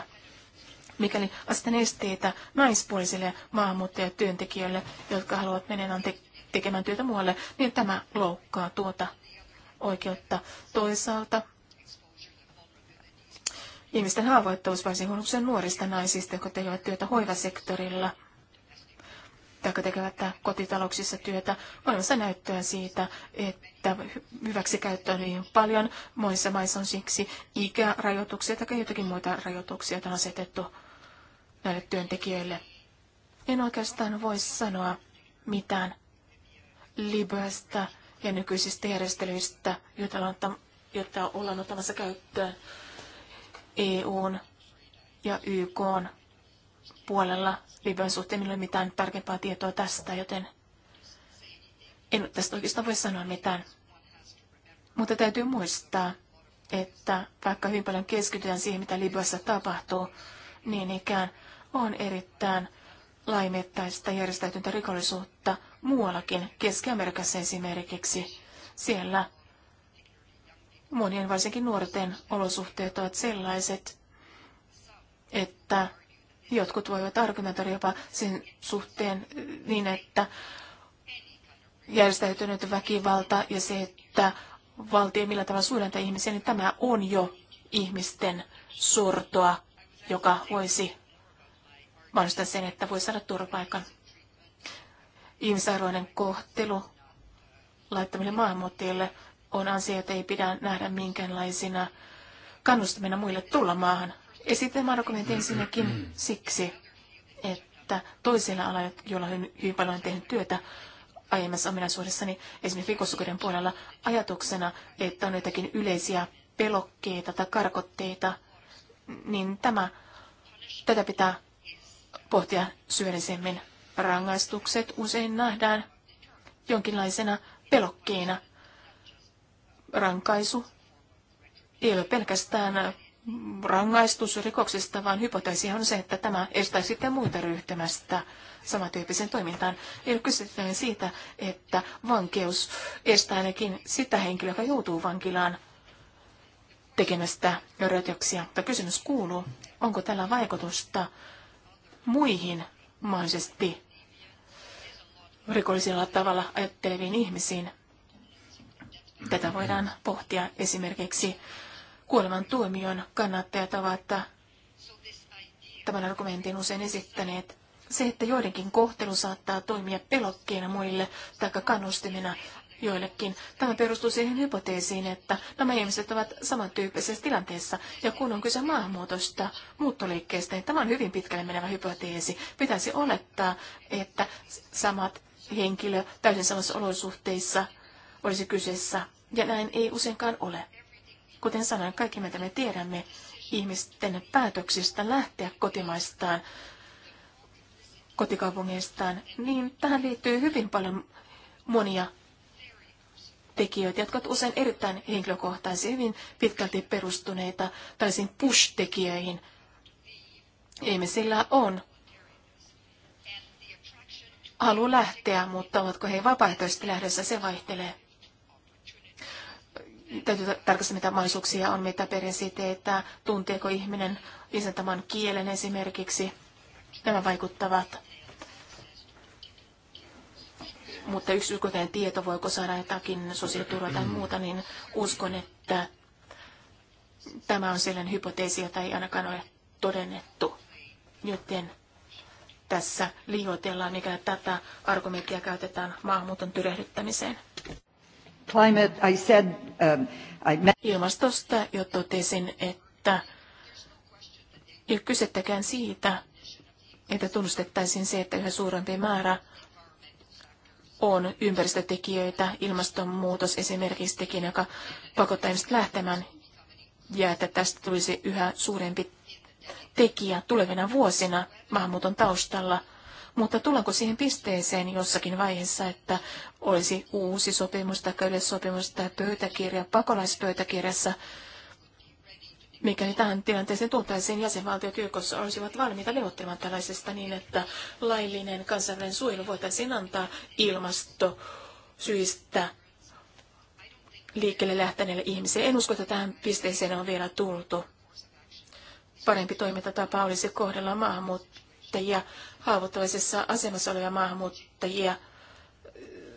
mikäli asetan esteitä naispuolisille maahanmuuttajatyöntekijöille, jotka haluavat menemään te- tekemään työtä muualle, niin tämä loukkaa tuota oikeutta. Toisaalta ihmisten haavoittuvuus, varsinkin huonoksi nuorista naisista, jotka tekevät työtä hoivasektorilla tai tekevät kotitalouksissa työtä. Olemassa näyttöä siitä, että hyväksikäyttöä on niin paljon. Monissa maissa on siksi ikärajoituksia tai jotakin muita rajoituksia, joita on asetettu näille työntekijöille. En oikeastaan voi sanoa mitään Libästä ja nykyisistä järjestelyistä, joita ollaan ottamassa käyttöön EUn ja YKn puolella. Libyan suhteen ei ole mitään tarkempaa tietoa tästä, joten en tästä oikeastaan voi sanoa mitään. Mutta täytyy muistaa, että vaikka hyvin paljon keskitytään siihen, mitä Libyassa tapahtuu, niin ikään on erittäin laimettaista järjestäytyntä rikollisuutta muuallakin, Keski-Amerikassa esimerkiksi. Siellä monien, varsinkin nuorten, olosuhteet ovat sellaiset, että jotkut voivat argumentoida jopa sen suhteen niin, että järjestäytynyt väkivalta ja se, että valtio millä tavalla suojelentaa ihmisiä, niin tämä on jo ihmisten sortoa, joka voisi mahdollistaa sen, että voi saada turvapaikan. Ihmisarvoinen kohtelu laittamille maahanmuuttajille on asia, jota ei pidä nähdä minkäänlaisina kannustamina muille tulla maahan. Esitän argumentin ensinnäkin siksi, että toisella alalla, jolla hyvin paljon on tehnyt työtä, aiemmassa ominaisuudessani esimerkiksi rikosoikeuden puolella ajatuksena, että on jotakin yleisiä pelokkeita tai karkotteita, niin tämä, tätä pitää pohtia syöllisemmin. Rangaistukset usein nähdään jonkinlaisena pelokkeena. Rankaisu ei ole pelkästään rangaistus rikoksesta, vaan hypoteesi on se, että tämä estää sitten muita ryhtymästä samantyyppiseen toimintaan. Ei ole kyse siitä, että vankeus estää ainakin sitä henkilöä, joka joutuu vankilaan tekemästä rötöksiä. Mutta kysymys kuuluu, onko tällä vaikutusta muihin mahdollisesti rikollisella tavalla ajatteleviin ihmisiin. Tätä voidaan pohtia esimerkiksi kuoleman tuomion kannattajat ovat tämän argumentin usein esittäneet. Se, että joidenkin kohtelu saattaa toimia pelokkeena muille tai kannustimina joillekin. Tämä perustuu siihen hypoteesiin, että nämä ihmiset ovat samantyyppisessä tilanteessa, ja kun on kyse maahanmuutosta, muuttoliikkeestä, niin tämä on hyvin pitkälle menevä hypoteesi. Pitäisi olettaa, että samat henkilö täysin samassa olosuhteissa olisi kyseessä, ja näin ei useinkaan ole. Kuten sanoin, kaikki mitä me tiedämme ihmisten päätöksistä lähteä kotimaistaan, kotikaupungeistaan, niin tähän liittyy hyvin paljon monia tekijöitä, jotka ovat usein erittäin henkilökohtaisia, hyvin pitkälti perustuneita tällaisiin push-tekijöihin. Ihmisillä on halu lähteä, mutta ovatko he vapaaehtoisesti lähdössä, se vaihtelee. Täytyy tarkastaa, mitä mahdollisuuksia on, mitä perinsiteitä, tunteeko ihminen isäntämän kielen esimerkiksi. Nämä vaikuttavat mutta yksityiskohtainen tieto, voiko saada jotakin sosiaaliturvaa tai muuta, niin uskon, että tämä on sellainen hypoteesi, jota ei ainakaan ole todennettu. Joten tässä liioitellaan, mikä tätä argumenttia käytetään maahanmuuton tyrehdyttämiseen. Climate, I said, um, I... Ilmastosta jo totesin, että ei kysettäkään siitä, että tunnustettaisiin se, että yhä suurempi määrä on ympäristötekijöitä, ilmastonmuutos esimerkiksi tekijä, joka pakottaa ihmiset lähtemään, ja että tästä tulisi yhä suurempi tekijä tulevina vuosina maahanmuuton taustalla. Mutta tullaanko siihen pisteeseen jossakin vaiheessa, että olisi uusi sopimus tai yleissopimus tai pöytäkirja pakolaispöytäkirjassa, Mikäli tähän tilanteeseen tultaisiin, jäsenvaltiot YKssa olisivat valmiita neuvottelemaan tällaisesta niin, että laillinen kansainvälinen suojelu voitaisiin antaa ilmastosyistä liikkeelle lähteneille ihmisille. En usko, että tähän pisteeseen on vielä tultu. Parempi toimintatapa olisi kohdella maahanmuuttajia, haavoittuvaisessa asemassa olevia maahanmuuttajia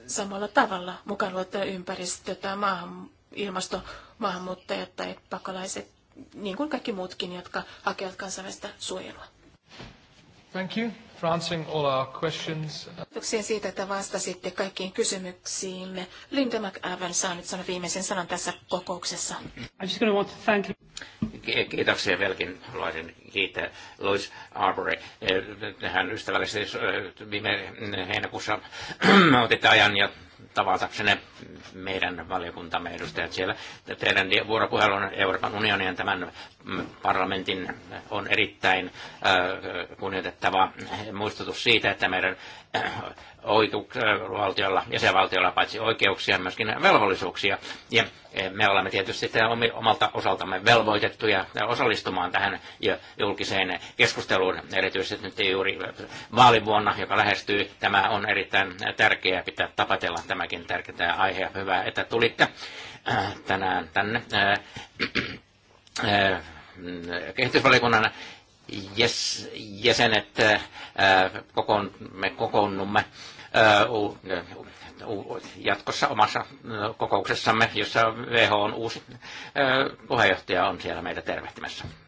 samalla tavalla, mukaan luottaa ympäristö- tai maahan, ilmastomaahanmuuttajat tai pakolaiset niin kuin kaikki muutkin, jotka hakevat kansainvälistä suojelua. Thank you for answering all our questions. Kiitoksia siitä, että vastasitte kaikkiin kysymyksiimme. Linda McAvan saa nyt sanoa viimeisen sanan tässä kokouksessa. I'm just going to want to thank you. Kiitoksia vieläkin. Haluaisin kiittää Louis Arbery. Eh, Hän ystävällisesti eh, viime heinäkuussa otitte ajan ja tavataksenne meidän valiokuntamme edustajat siellä. Teidän vuoropuhelun Euroopan unionin tämän parlamentin on erittäin äh, kunnioitettava muistutus siitä, että meidän Äh, valtiolla, jäsenvaltiolla paitsi oikeuksia, myöskin velvollisuuksia. Ja eh, me olemme tietysti omalta osaltamme velvoitettuja osallistumaan tähän julkiseen keskusteluun, erityisesti nyt juuri vaalivuonna, joka lähestyy. Tämä on erittäin tärkeää pitää tapatella tämäkin tärkeä aihe. Hyvä, että tulitte äh, tänään tänne äh, kehitysvaliokunnan jäsenet äh, me kokoonnumme äh, äh, jatkossa omassa kokouksessamme, jossa WHO on uusi puheenjohtaja on siellä meitä tervehtimässä.